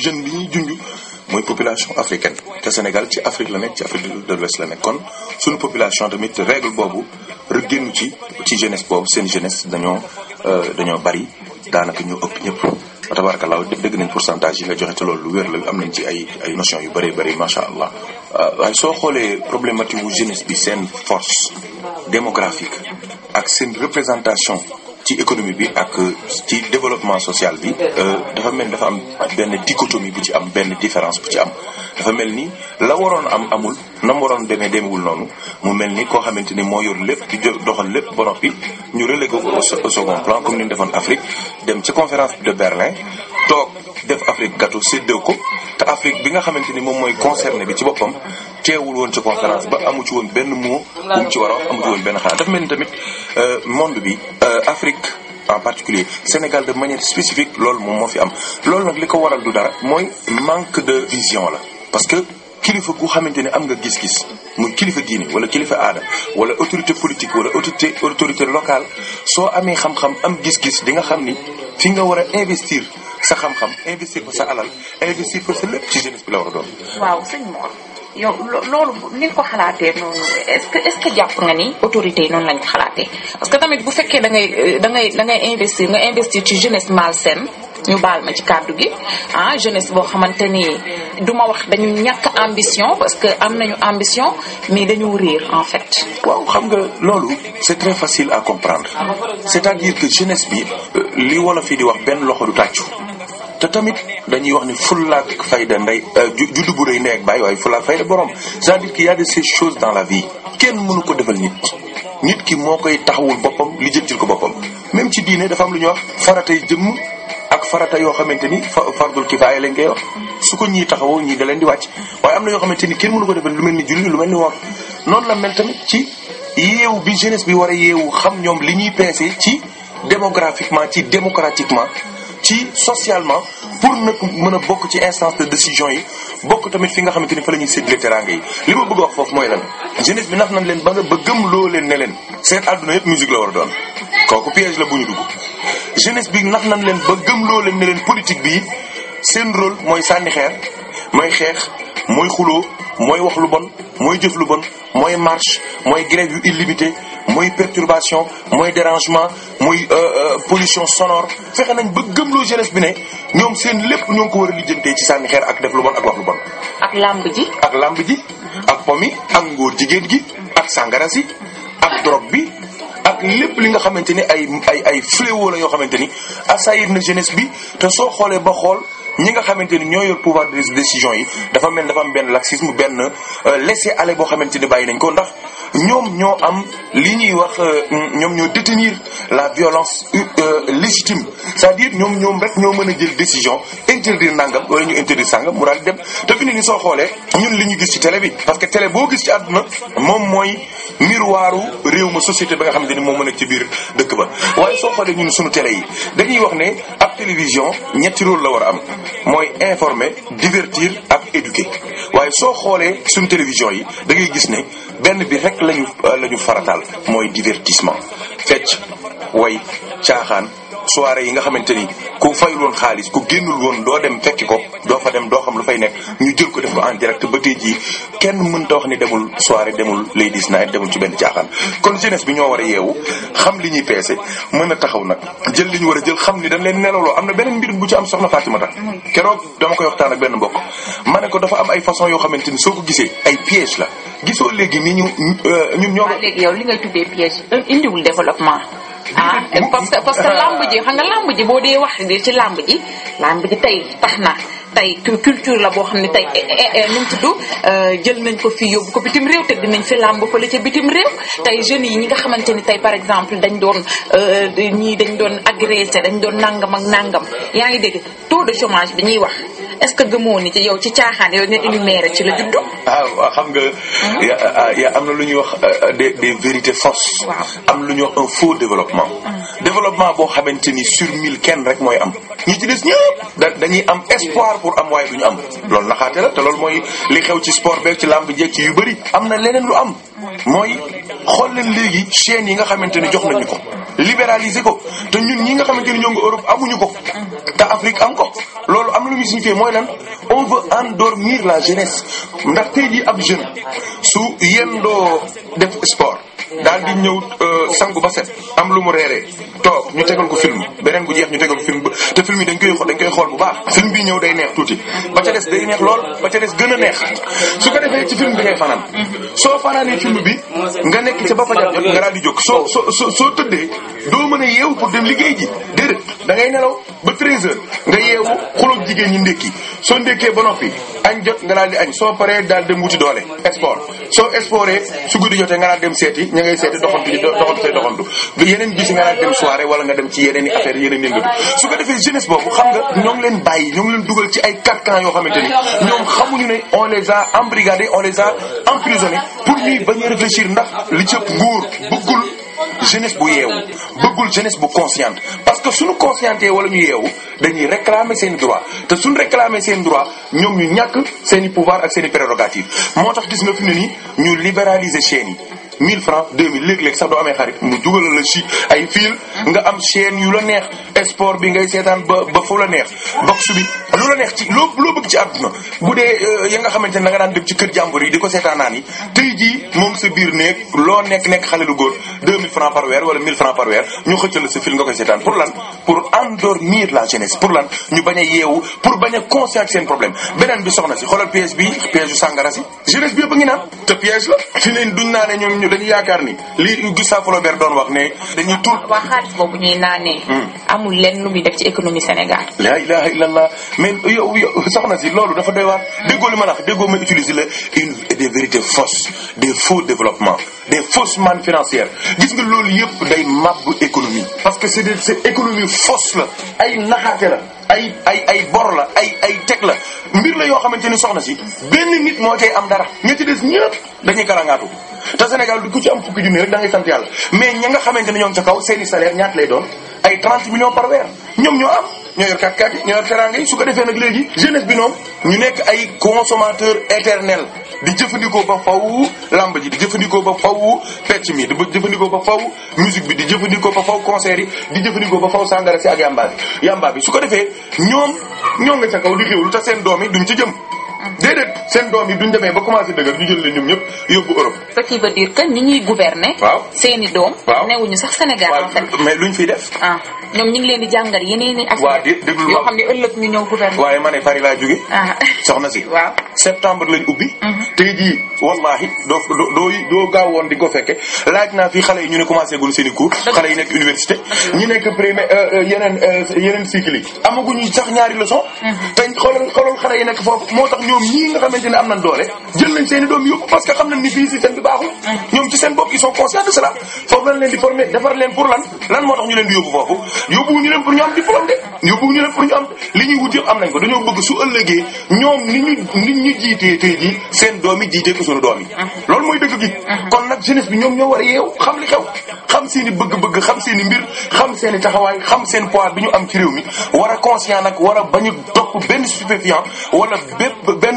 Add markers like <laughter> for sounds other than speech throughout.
jeune bi ñuy mooy population africaine te Sénégal ci Afrique la nekk ci Afrique de l'Ouest la nekk kon suñu population tamit règle boobu génn ci ci jeunesse boobu seen jeunesse dañoo euh, dañoo bari daanaka ñu ëpp ñëpp wa tabarakallah dégg nañ pourcentage yi la joxe te loolu lu wér la am nañ ci ay ay notion yu bëree bëri macha allah euh, waaye soo xoolee problématique wu jeunesse bi seen force démographique ak seen représentation ci économie bi ak ci développement social bi euh, dafa mel dafa am benn dichotomie bu ci am benn différence bu ci am dafa mel ni la waroon am amul nam waroon demee demewul noonu mu mel ni koo xamante ni moo yoru lépp di doxal lépp ba noppi ñu relégué ko au second plan comme ni ñu defoon Afrique dem ci conférence de Berlin toog def Afrique gâteau séddoo ko te Afrique bi nga xamante ni moom mooy concerné bi ci boppam teewul woon ci conférence ba amu ci woon benn moo bu mu ci war a wax amu ci woon benn xalaat dafa mel ni tamit euh, monde bi euh, Afrique en particulier Sénégal de manière spécifique loolu moom moo fi am loolu nag li ko waral du dara mooy manque de vision la kilifa gu xamante ne am nga gis-gis muy kilifa diine wala kilifa aada wala autorité politique wala autorité autorité locale soo amee xam-xam am gis-gis di nga xam ni fi nga war a investir sa xam-xam investir ko sa alal investir ci jeunesse bi la waaw sëñ Mor yow loolu ni nga ko xalaatee noonu est jàpp nga ni autorité yi noonu lañ ko parce que tamit bu fekkee da ngay da ngay da ngay investir nga investir ci jeunesse malsaine ñu baal ma ci kàddu gi ah jeunesse boo xamante ni du ma wax dañu ñàkk ambition parce que am nañu ambition mais dañu réer en fait. waaw xam nga loolu c'est très facile à comprendre c'est-à-dire que jeunesse bi euh, li wolof yi di wax benn loxo du tàccu. te tamit dañuy wax ni fulaak fayda ndey euh, juddu bu rëy ndey ak bàyyi waaye fulaak fayda borom c'est-à-dire qu'il y a de ces choses dans la vie kenn mënu ko defal nit nit ki moo koy taxawul boppam li jëntil ko boppam même ci diine dafa am lu ñuy wax faratay jëmm ak farata yoo xamante ni fardul kifaaya lañ koy wax su ko ñii taxawoo ñii da leen di wàcc waaye am na yoo xamante ni kenn mënu ko defal lu mel ni lu mel ni woor noonu la mel tamit ci yéewu bi jeunesse bi war a yéewu xam ñoom li ñuy peese ci démographiquement ci démocratiquement ci socialement pour nag mën a bokk ci instance de décision yi bokk tamit fi nga xamante ni fa la ñuy séddale teraanga yi li ma bëgg wax foofu mooy lan jeunesse bi nax nañ leen ba nga ba gëm leen ne leen seen àdduna yëpp musique la war kooku piège bu ñu dugg jeunesse bi nax nañ leen ba gëmloo leen ne leen politique bi seen rôle mooy sànni xeer mooy xeex mooy xuloo mooy wax lu bon mooy jëf lu bon mooy marche mooy grève yu illimité mooy perturbation mooy dérangement mooy euh, euh, pollution sonor fexe nañ ba gëm loo jeunesse bi ne ñoom seen lépp ñoo ngi ko war a lijjantee ci sànni xeer ak def lu bon ak wax lu bon. ak làmb ji. ak làmb ji ak pomi ak ngóor jigéen gi ak sàngara si ak drogue bi. lépp li nga xamante ni ay ay ay fléau la yoo xamante ni assaillir na jeunesse bi te soo xoolee ba xool ñi nga xamante ni ñoo yor pouvoir de décision yi dafa mel dafa am benn laxisme benn euh, laisser aller boo xamante ni bàyyi nañ ko ndax ñoom ñoo am li ñuy wax euh, ñoom ñoo détenir la violence euh, légitime c'est-à-dire ñoom ñoom rek ñoo mën a jël décision interdire nangam wala ñu interdire sangam mu daal di dem te fi ni soo xoolee ñun li ñu gis ci télé bi parce que télé boo gis ci àdduna moom mooy miroiru réew ma société ba nga xamante ni moom mën a ci biir dëkk ba waaye soo xoolee ñun suñu télé yi dañuy wax ne ab télévision ñetti rôle la war a am mooy informer divertir ak éduquer waaye soo xoolee suñ télévision yi da ngay gis ne benn bi rek lañu lañu farataal mooy divertissement fecc way caaxaan soirée yi nga xamante ni ku fayul woon xaalis ku génnul woon doo dem fekki ko doo fa dem doo xam lu fay nekk ñu jël ko def ko en direct ba tey jii kenn mënta wax ni demul soirée demul ladies night demul ci benn caaxaan. kon jeunesse bi ñoo war a yeewu xam li ñuy peese mën a taxaw nag jël li ñu war a jël xam ni dañ leen nelawloo am na beneen mbir bu ci am soxna Fatimata keroog dama koy waxtaan ak benn mbokk ma ne ko dafa am ay façon yoo xamante ni soo ko gisee ay piège la gisoo léegi ni ñu euh, ñun ñoo. waaw léegi yow li ngay tuddee piège euh, indiwul développement. ah parce que parce que lamb xam nga lamb ji boo dee wax di ci lamb ji lamb ji tey tax na tey culture la boo xam ne tey eh, eh, eh, nu mu tudd euh, jël nañ ko fii yóbbu ko bitim réew te dinañ fi làmb fële ca bitim réew tey jeunes yi ñi nga xamante ni tey par exemple dañ doon euh, ñii dañ doon agressé dañ doon nangam ak nangam yaa ngi dégg taux de chômage bi ñuy wax est-ce que gëmoo ni ci yow ci caaxaan yow nga énuméré ci la juddu. ah xam nga. Hmm? Ah, ah, ya am na lu ñuy wax euh, des des vérités fausses. am lu ñuy wax un faux développement. Hmm. développement boo xamante ni sur mille kenn rek mooy am ñi am espoir. pour am waaye du ñu am loolu naxaate la te loolu mooy li xew ci sport beeg ci làmb jeeg ci yu bëri am na leneen lu am mooy xool leen léegi chaîne yi nga xamante ni jox nañu ko libéraliser ko te ñun ñi nga xamante ne ñoo ngi Europe amuñu ko te Afrique am ko loolu am lu muy signifié mooy lan on veut endormir la jeunesse ndax tey jii ab jeune su yendoo def sport daal di ñëw euh, sangu ba set am lu mu reeree toog ñu tegal ko film beneen bu jeex ñu tegal ko film ba te film yi dañ koy dañ koy xool bu baax film bi ñëw day neex tuuti ba ca des day neex lool ba ca des gën a neex su ko defee ci film bi ngay fanaan soo fanaanee film bi nga nekk ca ba fajar nga daal di jóg soo soo soo tëddee doo mën a yeewu pour dem liggéey ji déedéet dangay ngay nelaw ba 13 heures nga yeewu xuloog jigéen ñi ndékki soo ndékkee ba noppi añ jot nga daal di soo paree daal dem wuti i affaires yeneen yëngatu su ko defee jeunesse boobu nga ñoo ngi leen bàyyi ñoo ngi leen dugal ci ay quatre camps yoo xamante ni ñoom a embrigadés on les a emprisonnés pour ñuy bañ a réfléchir ndax li jeunesse bu yeewu bëggul jeunesse bu consciente parce que suñu consciente wala ñu yeewu dañuy réclamer seen droit te suñu réclamer seen droit ñoom ñu ñàkk seeni i pouvoir ak seen i prérogative moo tax gis nga fi ne ni ñu libéraliser chaîne yi 1000 francs 2000 léeg-léeg sax doo amee xarit mu jugalal la ci ay fil nga am chaîne yu la neex sport bi ngay seetaan ba fu la neex box bi lu la neex ci loo loo ci àdduna bu dee euh, ya nga xamante ne da nga daan dem ci kër jàmbur yi di ko seetaan naan yi tey jii moom sa biir néeg loo nekk nekk xale lu góor 2000 francs francs par weer ñu xëccal sa fil nga koy seetaan pour lan pour endormir la jeunesse pour lan ñu bañ a yeewu pour bañ a seen problème beneen dañu yaakaar ni lii Gustave Flaubert doon wax ne dañuy tur waa xaalis boobu ñuy naanee hmm. amul lenn lu muy def ci économie Sénégal la ilaha illallah mais yow yow soxna si loolu dafa doy waar déggoo li ma la wax déggoo ma utiliser la une des vérités fausses des faux développements des fausses mannes gis nga loolu yëpp day màbb économie parce que c'est des c'est économie fausse la ay naxaate la ay ay ay bor la ay ay teg la mbir la yoo xamante ni soxna si benn nit moo tey am dara ña ci des ñëpp dañuy karangaatu te Sénégal du ku ci am fukki junni rek da ngay sant yàlla mais ña nga xamante ne ñoo ngi ca kaw seeni salaire ñaata lay doon ay 30 millions par weer ñoom ñoo am ñoo yor kat ñoo yor teraanga yi su ko defee nag léegi jeunesse bi noonu ñu nekk ay consommateur éternel di jëfandikoo ba faw lamb ji di jëfandikoo ba faw fecc mi di jëfandikoo ba faw musique bi di jëfandikoo ba faw concert yi di jëfandikoo ba faw sàngara si ak yamba bi yamba bi su ko defee ñoom ñoo nga ca kaw di xéwlu te seen doom yi duñ ci jëm déedéet seen doom yi duñ demee ba commencé dëgër ñu jël leen ñoom ñëpp yóbbu Europe. ce qui veut dire ñuy gouverner. seeni doom. waaw newuñu sax Sénégal. mais luñ fiy def. Ah, i. waaw di déglu yoo xam ne ëllëg ñu ñëw gouverner. waaye ma Paris laa jóge. Ah. soxna si. waaw septembre lañ ubbi. Mhm. tey jii wallaahi doo doo gaaw woon di ko fekke laaj naa fi xale yi ñu ne commencé gul seen i cours. xale yi nekk université. ñi nekk premier euh, euh, yeneen euh, yeneen amaguñu sax ñaari leçon mhm. te xoolal yii nga xamante ne am nañ doole jël nañ seen i doom yóbbu parce que xam nañ ni fii système bi baaxul ñoom ci seen bopp ils sont conscients de cela foofu leen di former defar leen pour lan lan moo tax ñu leen di yóbbu foofu yóbbu ñu leen pour ñu am diplôme de yóbbu ñu ko seen doom jiitee ko suñu doom loolu mooy dëgg gi kon nag jeunesse bi ñoom ñoo war yeew xam li xew xam seen i bëgg-bëgg xam seen mbir xam seen taxawaay xam seen poids bi ñu am ci réew mi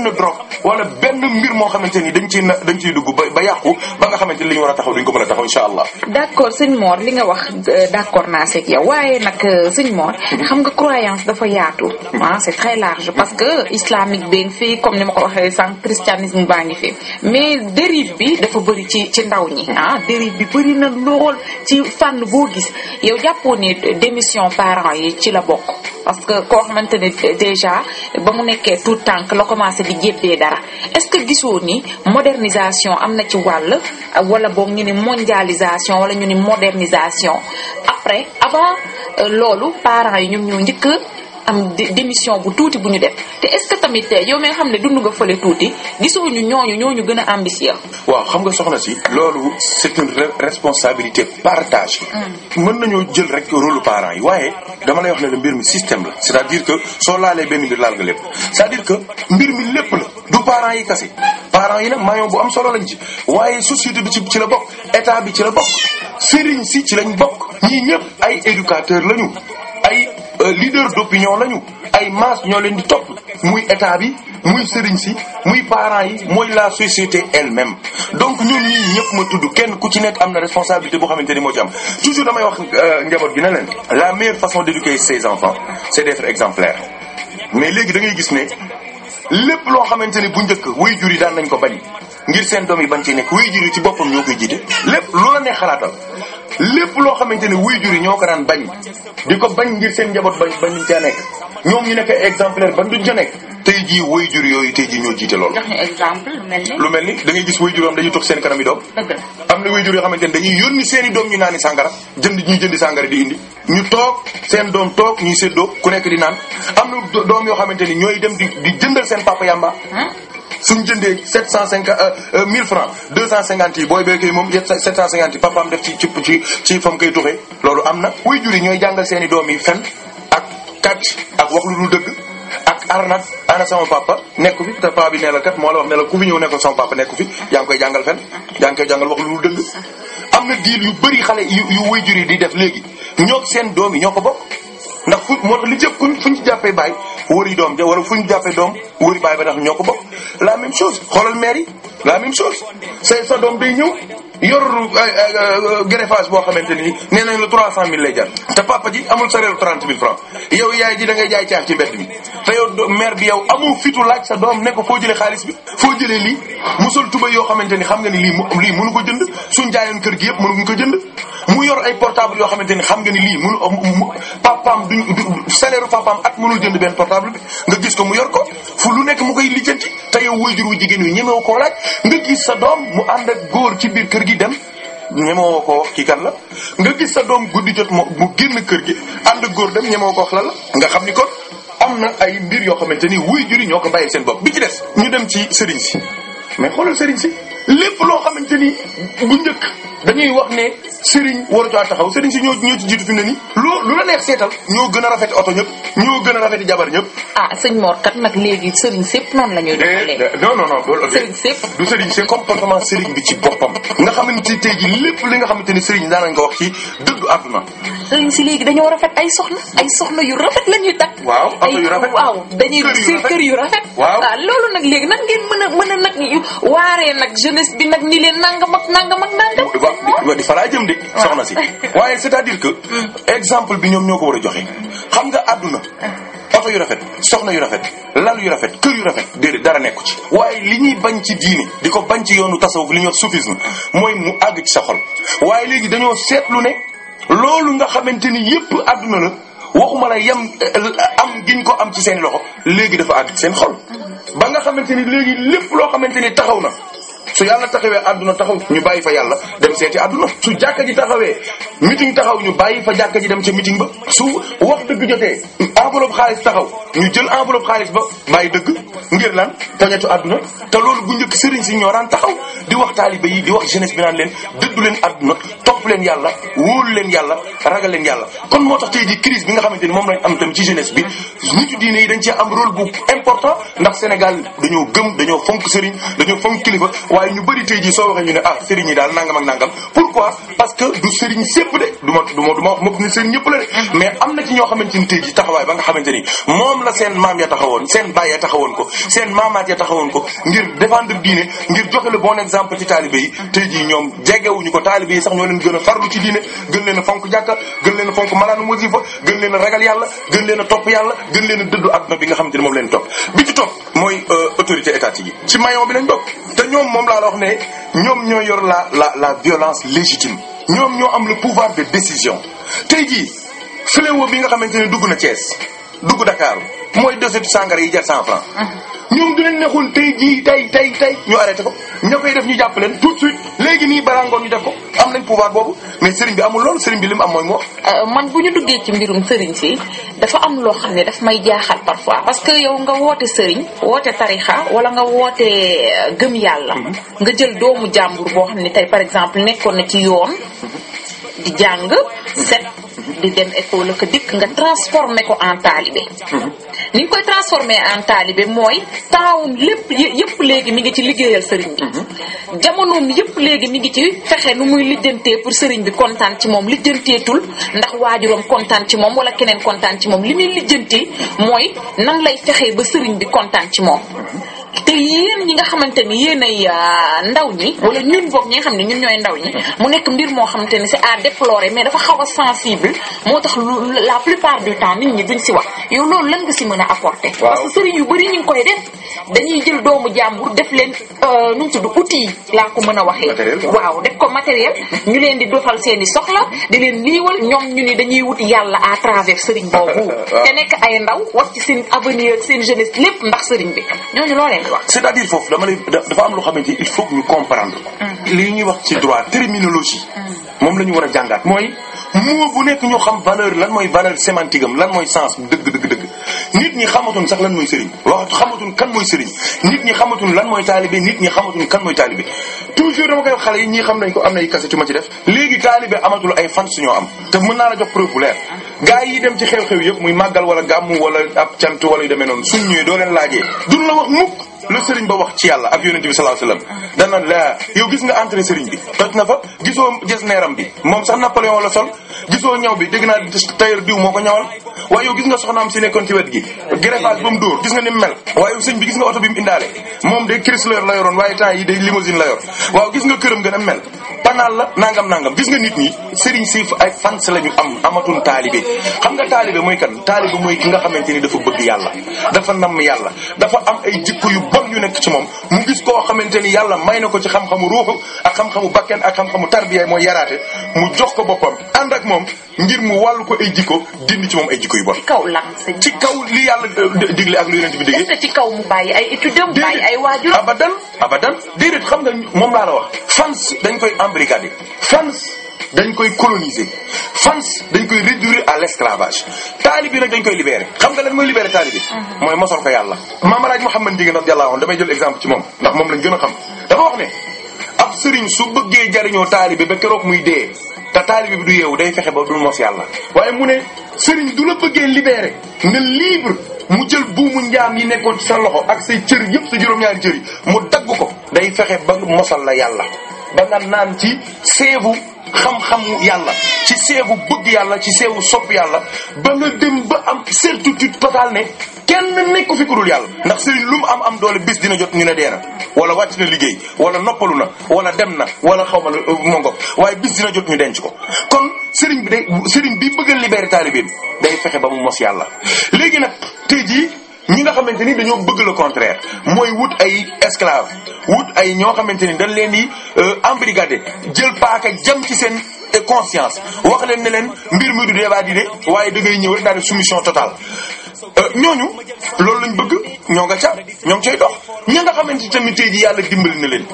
benn drogue wala benn mbir moo xamante ni dañ ci na dañ ciy dugg ba ba yàqu ba nga xamante ni li ñu war a taxaw duñ ko mën a taxaw incha allah. d'accord sëñ Mor li nga wax euh, d'accord naa seeg yow waaye nag euh, sëñ Mor. xam nga croyance dafa yaatu. ah c'est très large parce que islamique bee ngi comme ni ma ko waxee sànq christianisme baa ngi fi mais dérive bi dafa bëri ci ci ndaw ñi ah dérive bi bëri na lool ci fànn boo gis yow jàppoo ne démission parents yi ci la bokk. parce que koo xamante ne déjà ba mu nekkee tout tànk la commencé di jébbee dara est-ce que gisoo ni modernisation am na ci wàll wala boog ñu ni mondialisation wala ñu ni modernisation après avant euh, loolu parents yi ñoom ñoo njëkk am démission bu tuuti bu ñu def te est-ce que tamit yow mi xam ne dund nga fële tuuti gisoo ñu ñooñu ñooñu gën a ambitieux. waaw xam nga soxna si loolu c'est responsabilité partage mm. mën nañoo jël rek rôle parent yi waaye dama lay wax ne mbir mi système la c'est-à-dire que soo laalee benn mbir laal nga lépp c'est-à-dire que mbir mi lépp la du parents yi kase parent yi nag maillon bu am solo lañ ci waaye société bi ci ci la bokk état bi ci la bokk sëriñ si ci lañ bokk ñii ñëpp ay éducateurs lañu ay Euh, leader d'opinion lañu ay masse ñoo leen di topp muy état bi muy sëriñ si muy parent yi mooy la société elle-même donc ñun ñii ñëpp ma tudd kenn ku ci nekk am na responsabilité boo xamante ni moo ci am toujours damay wax euh, njaboot gi ne leen la meilleure façon d'éduquer ses enfants c'est d'être exemplaire mais léegi dangay gis ne lépp loo xamante ni bu njëkk way jur yi daan nañ ko bañ ngir seen doom yi ban ci nekk way jur yi ci boppam ñoo koy jiite lépp loola ne xalaatal lépp loo xamante ne waajur yi ñoo ko daan bañ di ko bañ ngir seen njaboot bañ bañ caa seen ñoom ñu nekk exemplaire ban duñ ca nekk tey jii waajur yooyu tey ji ñoo jiite loolu. jox ñu exemple lu mel ni. lu mel ni da ngay gis waajur am dañuy toog seen kanam yi doom. am na waajur yoo xamante ne dañuy yónni seen i doom ñu naani sàngara jënd ñuy jëndi sàngara di indi. ñu toog seen doom toog ñuy séddoo ku nekk di naan am na doom yoo xamante ni ñooy dem di di jëndal seen papa yàmba suñ jëndee 750 1000 euh, euh, francs 250 yi booy béykee moom 750 yi papaam def ci ci ci ci fam koy tuxee loolu am na wuy ñooy jàngal seeni i doom yi fen ak kàcc ak wax lu dul dëgg ak arnat ana sama papa nekku fi te papa bi nee la kat moo la wax ne la ku fi ñëw nekk sama papa nekku fi yaa ngi koy jàngal fen yaa ngi koy jàngal wax lu dul dëgg am na diil yu bëri xale yu wuy juri di def léegi ñoo seen doom yi ñoo ko bokk ndax fu moo tax li jëpp kuñ fuñ ci jàppee baay wëri doom ja wala fu ñu jàppee doom wëri baay ba ndax ñoo ko bokk la même chose xoolal maire yi la même chose say sa doom day ñëw yor greffage boo xamante ni nee nañ trois cent mille lay jar te papa ji amul salaire trente mille francs yow yaay ji da ngay jaay caaf ci mbedd bi te yow mère bi yow amul fitu laaj sa doom ne ko foo jëlee xaalis bi foo jëlee lii musul tuba yoo xamante ni xam nga ni lii lii mënu ko jënd suñ jaayoon kër yëpp mënuñ ko jënd mu yor ay portable yoo xamante ni xam nga ni lii mënu papaam duñ salaire papaam at mënul jënd benn portable bi nga gis ko mu yor ko fu lu nekk mu koy lijjanti te yow wayjur wu jigéen yu ñemewu koo laaj nga gis sa doom mu ànd ak góor ci biir kër gi dem ñemoo ko wax kii kan la nga gis sa doom guddi jot mo mu génn kër gi ànd góor dem ñemoo ko wax la la nga xam ni kon am na ay mbir yoo xamante ni wuy juri ñoo ko bàyyi seen bopp bi ci des ñu dem ci sëriñ si mais xoolal sëriñ si lépp loo xamante ni bu njëkk dañuy wax ne sëriñ waru caa si ñoo ñoo ci jiitu fi mu ne nii. lu ñoo gën a rafet oto ñëpp ñoo gën a rafet jabar ñëpp. ah sëñ Mor kat nag léegi sëriñ sépp noonu la ñuy eh, doxalee. Eh, non non non loolu. sëriñ sépp du sëriñ sépp ni tey lépp li nga xamante ni sëriñ daan nañ ko wax ci dëggu si léegi dañoo rafet ay soxna ay soxna yu rafet la ñuy takk. waaw oto yu rafet waaw dañuy si kër yu rafet. Ah, nag ngeen mën a mën a waaree nag jeunesse bi nag ni leen nangam ak nangam ak nangam. waaw di faraa jëm de soxna si. waaye c'est-à-dire que. Mm. exemple bi ñoom ñoo ko war a joxe. xam nga àdduna. oto yu rafet soxna yu rafet lal yu rafet kër yu rafet déedéet dara nekku ci waaye li ñuy bañ ci diine di ko bañ ci yoonu tasawuf li ñuy wax soufisme mooy mu àgg ci sa xol waaye léegi dañoo seetlu ne loolu nga xamante ni yépp àdduna la waxuma la yem eh, am giñ ko am ci seen loxo léegi dafa àgg ci seen xol ba nga xamante ni léegi lépp loo xamante ni taxaw na su yàlla taxawee àdduna taxaw ñu bàyyi fa yàlla dem seeti àdduna su jàkka ji taxawee meeting taxaw ñu bàyyi fa jàkka ji dem ca meeting ba su wax dëgg jotee enveloppe xaalis taxaw ñu jël enveloppe xaalis ba bàyyi dëgg ngir lan tañatu àdduna te loolu bu njëkk sëriñ si ñoraan taxaw di wax taaliba yi di wax jeunesse bi naan leen dëddu leen àdduna topp leen yàlla wóolu leen yàlla ragal leen yàlla kon moo tax tey ji crise bi nga xamante ni moom lañ am tam ci jeunesse bi nitu diine dañ cee am rôle important ndax Sénégal dañoo gëm dañoo fonk sëriñ dañoo fonk kilifa waaye ñu bëri tey jii soo waxee ñu ne ah sëriñ yi daal nangam ak nangam parce que du sëriñ sépp de du ma du ma wax mopp ni sëriñ ñëpp la de mais am na ci ñoo xamante ni taxawaay ba nga xamante ni moom leen a a topp yàlla topp mooy euh, autorité étatique yi ci maillon bi lañ bokk te ñoom moom moom laa la wax ne ñoom ñoo yor la la la violence légitime ñoom ñoo am le pouvoir de décision tey jii fléau bi nga xamante ne dugg na Thiès dugg Dakar mooy desetu sangara yi jar cent francs ah. ñoom du leen neexul tey jii tey tey tey ñu arrêté ko ña koy def ñu jàpp leen tout de léegi nii balaa ngoon ñu def ko am nañ pouvoir boobu mais sëriñ bi amul loolu sëriñ bi li am mooy moo euh, man bu ñu duggee ci mbirum sëriñ si dafa am loo xam ne daf may jaaxal parfois parce que yow nga woote sëriñ woote tarixa wala nga woote euh, gëm yàlla mhm. nga jël doomu jàmbur boo xam ne tey par exemple nekkoon na ci yoon mhm. di jàng set mhm. di dem école ko dikk nga transformé ko en taalibe ni ñu koy transformé en bi mooy taaw lépp yëpp léegi mi ngi ci liggéeyal sëriñ bi mhm. jamonoom yëpp léegi mi ngi ci fexe nu muy lijjantee pour sëriñ bi kontaan ci moom lijjanteetul ndax waajuram kontaan ci moom wala keneen kontaan ci moom li muy lijjantee mooy nan lay fexee ba sëriñ bi kontaan ci moom te yéen ñi nga xamante ni yéen ay ah, ndaw ñi wala ñun boog ñi nga xam ne ñun ñooy ndaw ñi mu nekk mbir moo xamante ni si à déplorer mais dafa xaw a sensible moo tax la plupart du temps nit ñi duñ si wax yow loolu lan nga si mën a apporter parce que sëriñ yu bëri ñu ngi koy def dañuy jël doomu jàmbur def leen euh, nu mu tudd outil laa ko mën a waxee waaw def ko matériel ñu leen di doxal seen i soxla di leen liiwal ñoom ñu ni dañuy wuti yàlla à travers sëriñ <laughs> boobu te nekk ay ndaw wax ci seen avenir seen jeunesse lépp ndax sëriñ bi ñooñu loo leen di c'est-à-dire foofu dama lay dafa am loo xamante il faut que ñu comprendre mm. li ñuy wax ci droit terminologie mm. moom la ñu war a jàngaat mooy mot bu nekk ñu xam valeur lan mooy valeur sémantique am lan mooy sens dëgg dëgg dëgg nit ñi xamatuñ sax lan mooy sëriñ wax xamatuñ kan mooy sëriñ nit ñi xamatuñ lan mooy taalibe nit ñi xamatuñ kan mooy taalibe toujours dama ko am na ay kase ci ma ci def léegi taalibe amatul ay fan suñoo am te mën naa la jox preuve bu leer gars yi dem ci xew-xew yëpp muy màggal wala gàmmu wala ab cant wala yu demee noonu suñ ñëwee doo leen laajee duñ la wax mukk lu sëriñ ba wax ci yàlla ak yonente bi sallallahu alayhi wasallam dana la yow gis nga entrée sëriñ bi toj na fa gisoo gis neeram bi moom sax Napoléon la sol gisoo ñaw bi dégg naa tailleur diw moo ko ñawal waaye yow gis nga soxnaam si nekkoon ci wet gi greffage ba mu dóor gis nga ni mu mel waaye yow bi gis nga oto bi mu indaale moom de Chrysler la yoroon waaye temps yi day limousine la yor waaw gis nga këram gën a mel panaal la nangam nangam gis nga xam nga taalibe mooy kan taalibe mooy ki nga xamante ni dafa bëgg yàlla dafa namm yàlla dafa am ay jikko yu bon yu nekk ci moom mu gis koo xamante ni yàlla may na ko ci xam-xamu ruuxu ak xam-xamu bakken ak xam-xamu tarbiya mooy yaraate mu jox ko boppam ànd moom ngir mu wàllu ko ay jikko dindi ci moom ay jikko yu bon. ci kaw li yàlla digle ak lu yonent bi digle. est-ce que ci kaw mu bàyyi ay études am bàyyi ay waajur abadan abadan déedéet xam nga moom laa la wax. fans dañ koy embrigader fans dañ koy coloniser fans dañ koy réduire à l'esclavage taalibi nag dañ koy libérer xam nga lan mooy libérer taalibi. Mhm. mooy mosal ko yàlla. Maam Alaaji Mouhamed Ndieguène radiyallahu anhu damay jël exemple ci moom ndax moom lañ gën a xam dafa wax ne ab sëriñ su bëggee jariñoo te taalibe bi du yeewu day fexe ba du mos yàlla waaye mu ne sëriñ du la bëggee libéré nga libre mu jël buumu njaam yi nekkoon ci sa loxo ak say cër yëpp sa juróom-ñaari cër yi mu dagg ko day fexe ba mosal la yàlla ba nga naan ci seebu xam-xamu yàlla ci seewu bëgg yàlla ci seewu sopp yàlla ba nga dem ba am certitude totale ne kenn nekku fi ku dul yàlla ndax sëriñ lu mu am am doole bis dina jot ñu ne dee na wala wàcc na liggéey wala noppalu na wala dem na wala xaw ma euh, mongo waaye bis dina jot ñu denc ko kon sëriñ bi day sëriñ bi bëgg a libérer taalibeem day fexe ba mu mos yàlla léegi nag tey jii ñi nga xamante ni dañoo bëgg la contraire mooy wut ay esclave wut ay ñoo xamante ni dañ leen di euh, embrigader jël paaka jëm ci seen conscience wax leen ne leen mbir mi du débat di de waaye da ngay ñëw rek daal di soumission euh, ñooñu loolu lañ bëgg ñoo nga ca ñoo ngi cay dox ñi nga xamante tamit tey ji yàlla dimbali na leen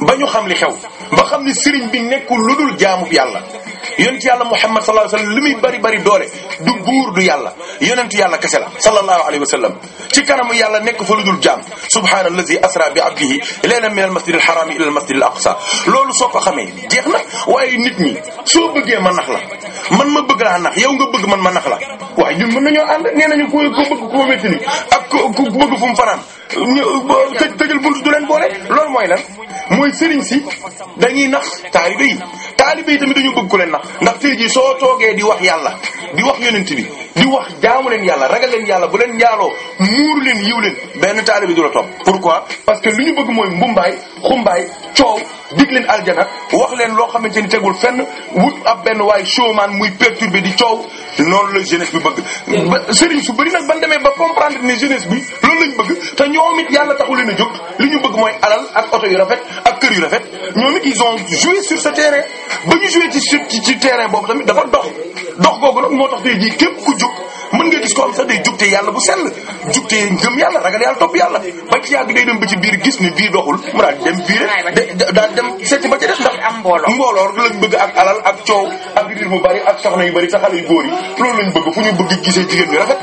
ba ñu xam li xew ba xam ni sëriñ bi nekkul lu dul jaamu yàlla. yonent yàlla Muhammad sallallahu alayhi wa sallam li muy bari bari doole du buur du yàlla yonentu yàlla kese la sallallahu alayhi wa sallam ci kanamu yàlla nekk fa lu dul jaam subhaana allazi asra bi abdihi laylan min al masjid al haram ila al masjid al aqsa loolu soo ko xamee jeex na waaye nit ñi soo bëggee ma nax la man ma bëgg laa nax yow nga bëgg man ma nax la waaye ñun mën nañoo ànd nee nañu ku ko bëgg ku ko wétali ak ku bëgg fu mu fanaan ñu tëj tëjal bunt du leen boole loolu mooy lan mooy sëriñ si dañuy nax taalibe yi taalibe yi tamit dañu bëgg ko leen nax ndax tey jii soo toogee di wax yàlla di wax yonent bi di wax jaamu leen yàlla ragal leen yàlla bu leen njaaloo muur leen yiw leen benn taalibe du la topp pourquoi parce que lu ñu bëgg mooy mbumbaay xumbaay coow dig leen aljana wax leen loo xamante ni tegul fenn wut ab benn waaye showman muy perturbé di coow noonu la jeunesse bi bëgg. ba sëriñ su bari nag ban demee ba comprendre ne jeunesse bi loolu lañ bëgg te ñoom it yàlla taxu leen a jóg li ñu bëgg mooy alal ak oto yu rafet ak kër yu rafet ñoom it ils ont joué sur ce terrain ba ñu joué ci ci boobu tamit dafa dox dox googu nag moo tax tey jii képp ku jóg. mën nga gis ko am day jugte yàlla bu sell jugte ngëm yàlla ragal yàlla topp yàlla ba gis ne biir daal dem seeti ba ci def ndax am mbooloo mbooloo lañ bëgg ak alal ak coow ak riir bu bari ak soxna yu bari sa xale yu góor yi loolu lañ bëgg fu ñu bëgg gisee jigéen bi rafet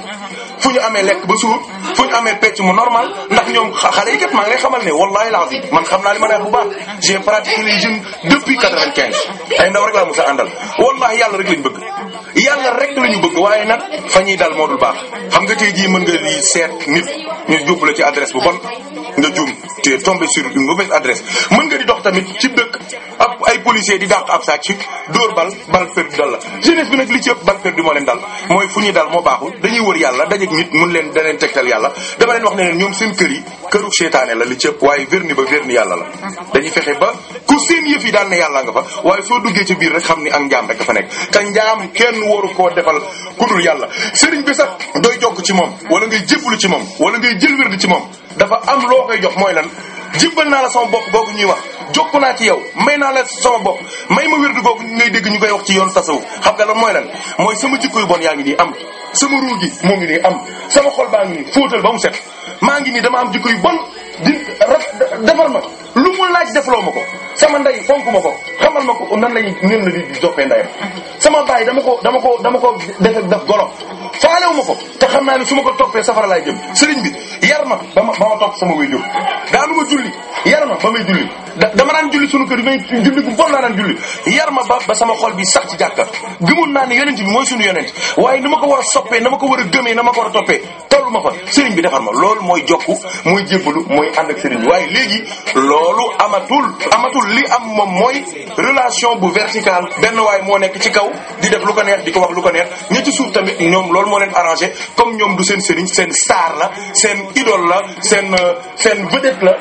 fu ñu amee lekk ba suur fu ñu amee pecc mu normal ndax ñoom xale yi kat maa ngi xamal ne wallahi laa fi man xam naa li ma neex bu baax j'ai pratiqué les depuis quatre-vingt-quinze ay ndaw rek laa mos a àndal rek lañ bëgg la ñu bëgg waaye nag fa ñuy dal moo dul baax xam nga tey jii mën nga jum te tombé sur une mauvaise adresse mën nga di dox tamit ci dëkk ab ay policiers di dàq ab sàcc dóor bal bal perdu dal la jeunesse bi nag li ci ëpp bal perdu moo leen dal mooy fu ñuy dal moo baaxul dañuy wër yàlla dajeeg nit mun leen daneen tegtal yàlla dama leen wax ne leen ñoom seen kër yi këru seetaane la li ci waaye verni ba verni yàlla la dañuy fexe ba ku seen yëf yi daan ne yàlla nga fa waaye soo duggee ci biir rek xam ni ak njaam rek fa nekk te njaam kenn waru koo defal ku dul yàlla sëriñ bi sax doy jokk ci moom wala ngay jébbalu ci moom wala ngay jël wérdi ci moom dafa am loo koy jox mooy lan jibbal naa la sama bopp googu ñuy wax jokk naa ci yow may naa la sama bopp may ma wérdu googu ngay dégg ñu koy wax ci yoon tasawuf xam nga lan mooy lan mooy sama jikko yu bon yaa ngi nii am sama ruu gi moo ngi nii am sama xol baa ngi nii fóotal ba mu maa ngi nii dama am jikko yu bon di defar ma lu mu laaj defloo ma ko sama ndey fonk ma ko xamal ma ko nan lañ nen la di joppee ndeyam sama baay dama ko dama ko dama ko def ak daf golo faalewu ma ko te xam naa ne su ma ko toppee safara jëm sëriñ bi yar ma ba ma ba ma topp sama way jur ma julli yar ma ba may julli dama naan julli sunu kër may julli bu bon laa naan julli yar ma ba ba sama xol bi sax ci jàkka gëmoon naa ne yonent bi mooy sunu yonent waaye ni ma ko war a soppee na ma ko war a gëmee na ma ko war a toppee tollu ma fa sëriñ bi defar ma loolu mooy jokku mooy jébbalu mooy ànd ak sëriñ bi waaye léegi loolu amatul amatul li am moom mooy relation bu verticale benn waay moo nekk ci kaw di def lu ko neex di ko lu ko neex ña tamit ñoom loolu moo leen arrangé comme ñoom du seen sëriñ seen star la seen idole la seen euh, seen vedette la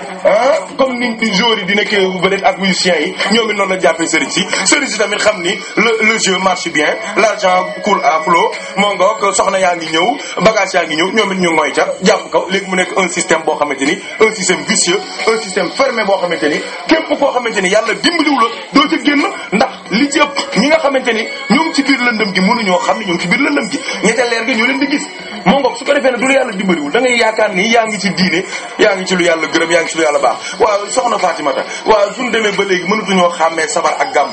comme niñ joueurs yi di nekkee vedette ak musiciens yi ñoom it noonu la jàppee sëriñ si sëriñ si tamit xam ni le le jeu marche bien l'argent coule à flot moo ngoog soxna yaa ngi ñëw bagage yaa ngi ñëw ñoom ñu ngoy ca jàpp ko léegi mu nekk un système boo xamante ni système vicieux un système fermé boo xamante ni képp koo xamante yàlla dimbaliwu la doo ca génn ndax li ci ëpp nga xamante ni ci biir lëndëm gi mënuñoo xam ne ñoo ngi ci biir lëndëm gi ñetta leer gi ñoo leen di gis moo ngoog su ko defee ne du la yàlla dimbaliwul da ngay yaakaar ni yaa ngi ci diine yaa ngi ci lu yàlla gërëm yaa ngi ci lu yàlla baax waaw soxna Fatimata waaw suñu demee ba léegi mënatuñoo xàmmee sabar ak gàmm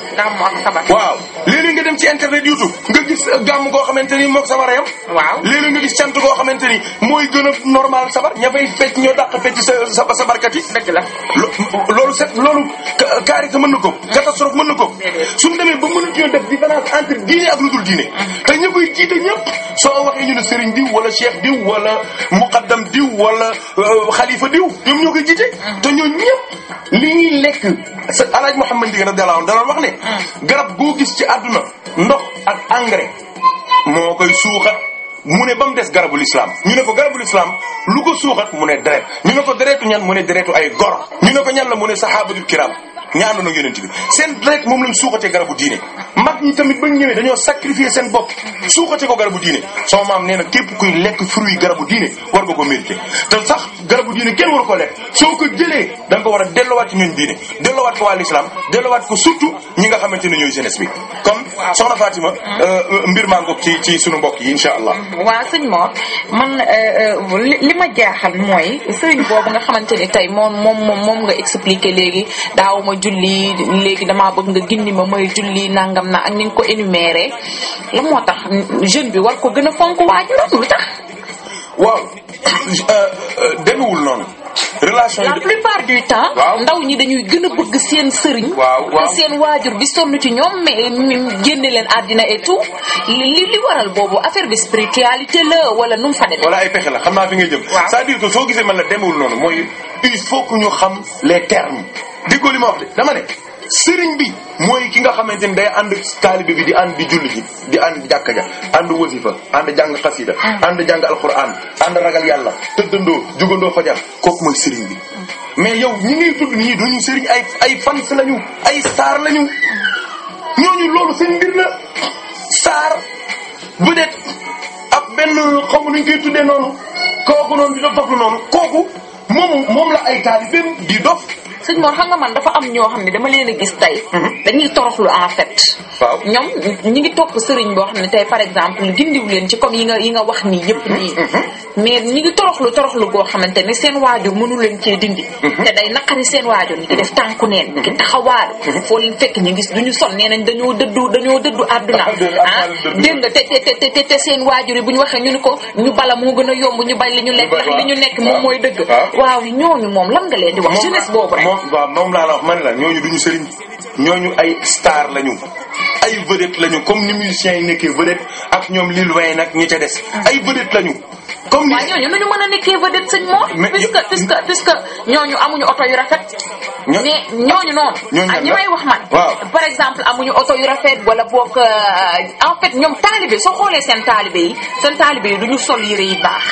waaw léeg-léeg nga dem ci internet youtube nga gis euh, gàmm goo xamante ni moog sabar yam waaw léeg-léeg nga ni mooy gën a normal sabar ña fay fecc ñoo dàq fecc sa sabarkat yi dëgg la loolu set loolu kaarika mën na ko mm. catastrophe mën na ko suñ demee ba mënatuñoo def différence entre diine ak lu dul diine mhm. te ña koy jiite ñëpp soo waxee ñu ne sëriñ diw wala cheikh diw wala muqaddam diw wala xalifa euh, diw ñoom ñoo koy jiite mhm. te ñoo ñëpp li ñuy lekk sa alaaj Muhammad Ndieguène radiyallahu anhu danoon wax ne mhm. garab goo gis ci àdduna ndox ak engrais moo koy suuxat mu ne ba mu des garabul islam ñu ne ko garabul islam lu ko suuxat mu ne deret ñu ne ko deretu ñan mu ne deretu ay goro ñu ne ko ñan la mu ne sahabatul kiram ñi àndoon ak yonent bi seen deret moom lañ suuxatee garabu diine mag ñi tamit bañ ñëwee dañoo sacrifier seen bopp suuxate ko garabu diine sama maam nee na képp kuy lekk fruit garabu diine war nga ko mérité te sax garabu diine kenn war ko lekk soo ko jëlee da nga ko war a dellowaat ci ñun diine dellowaat ko waa l'islam dellowaat ko surtout ñi nga xamante ne ñooy jeunesse bi kon soxna Fatima euh, mbir maa ngoog ci ci sunu mbokk yi insha allah waaw sëñ Mor man euh, euh, li ma jaaxal mooy sëriñ boobu nga xamante ni tey moom moom moom nga expliqué léegi daaw julli léegi damaa bëgg nga gindi ma mooy julli nangam na ak ni nga ko énuméré la moo tax jeune bi war ko gën a fonk waaj noonu lu tax. waaw euh, euh, demewul noonu. relation la plupart du temps. ndaw ñi dañuy gën a bëgg seen sëriñ. waaw waaw seen waajur bi sonn ci ñoom mais génne leen àddina et tout li li waral boobu affaire bi spiritualité la wala nu mu fa demee. wala ay pexe la xam naa fi nga jëm. waaw cest à soo gisee man la demewul noonu mooy il faut que ñu xam les termes. déggoo li ma wax de dama ne sëriñ bi mooy ki nga xamante ni day ànd taalibe bi di ànd di julli ji di ànd jàkka ja ànd wasifa ànd jàng xasida ah. ànd jàng alxuraan ànd ragal yàlla tëddandoo jugandoo fajar kooku mooy sëriñ bi mais yow ñi ngay tudd nii duñu ay ay fans lañu ay lañu ñooñu loolu seen mbir la star benn xamu nuñ koy tuddee noonu kooku noonu moom la ay taalibeem di dof sëñ Mor xam nga man dafa am ñoo xam ne dama leen gis tey. Mhm. dañuy toroxlu en fait. waaw ñoom ñi ngi topp sëriñ boo xam ne tey par exemple gindiw leen ci comme yi nga yi nga wax nii yëpp nii. Mhm. Mhm. mais ñi ngi toroxlu toroxlu goo xamante ne seen waajur mënu leen cee dindi. te day naqari seen waajur ñu def tànku neen. ki taxawaalu. foo leen fekk ñu gis du ñu son nee nañ dañoo dëddu dañoo dëddu àdduna. ah dégg nga te te te te seen waajur yi bu ñu waxee ñu ni ko ñu bala moo gën a yomb ñu bay li ñu lekk ndax li ñu nekk moom mooy dëgg waaw ñooñu moom lan leen di wax jeunesse moom waaw moom laa la wax man la ñooñu duñu sëriñ ñooñu ay star lañu ay vedette lañu comme ni musiciens yi nekkee vedette ak ñoom Lil Wayne nag ñi ca des. Ah. ay vedette lañu. comme ni waaw ñooñu nu ñu mën a nekkee vedette sëñ moom. mais puisque ñooñu amuñu oto yu rafet. ñoo ñooñu noonu. ñooñu ah, ñi may wax man. par exemple amuñu oto yu rafet wala boog euh, en ñoom taalibe soo xoolee seen taalibe yi seen taalibe yi du ñu sol yére yu baax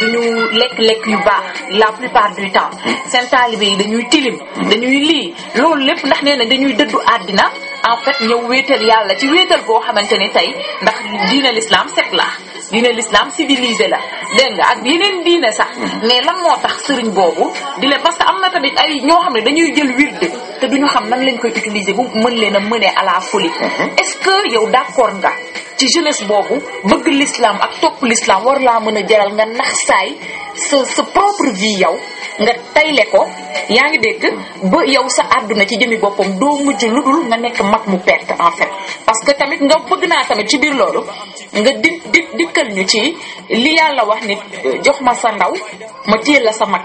du ñu lekk lekk yu baax la plupart du temps seen taalibe yi dañuy tilim hmm. dañuy lii loolu lépp ndax nee na dañuy dëddu àddina en fait ñëw wéetal yàlla ci wéetal goo xamante ni tey ndax diine l'islam set la diine l'islam civilisé la dégg nga ak yeneen diine sax mais lan moo tax sëriñ boobu di leen parce que am na tamit ay ñoo xam ne dañuy jël wirde te duñu xam nan lañ koy utiliser bu mën leen a mënee à la folie mhm. est-ce que yow d'accord nga ci jeunesse boobu bëgg l'islam ak topp l'islam war laa mën a jaral nga nax saay sa sa propre yow nga tayle ko yaa ngi dégg ba yow sa àdduna ci jëmi boppam doo mujj lu dul nga nekk mag mu perte en fait parce que tamit nga bëgg naa tamit ci biir loolu nga di dikkal ñu ci li yàlla wax ni jox ma sa ndaw ma téel la sa mag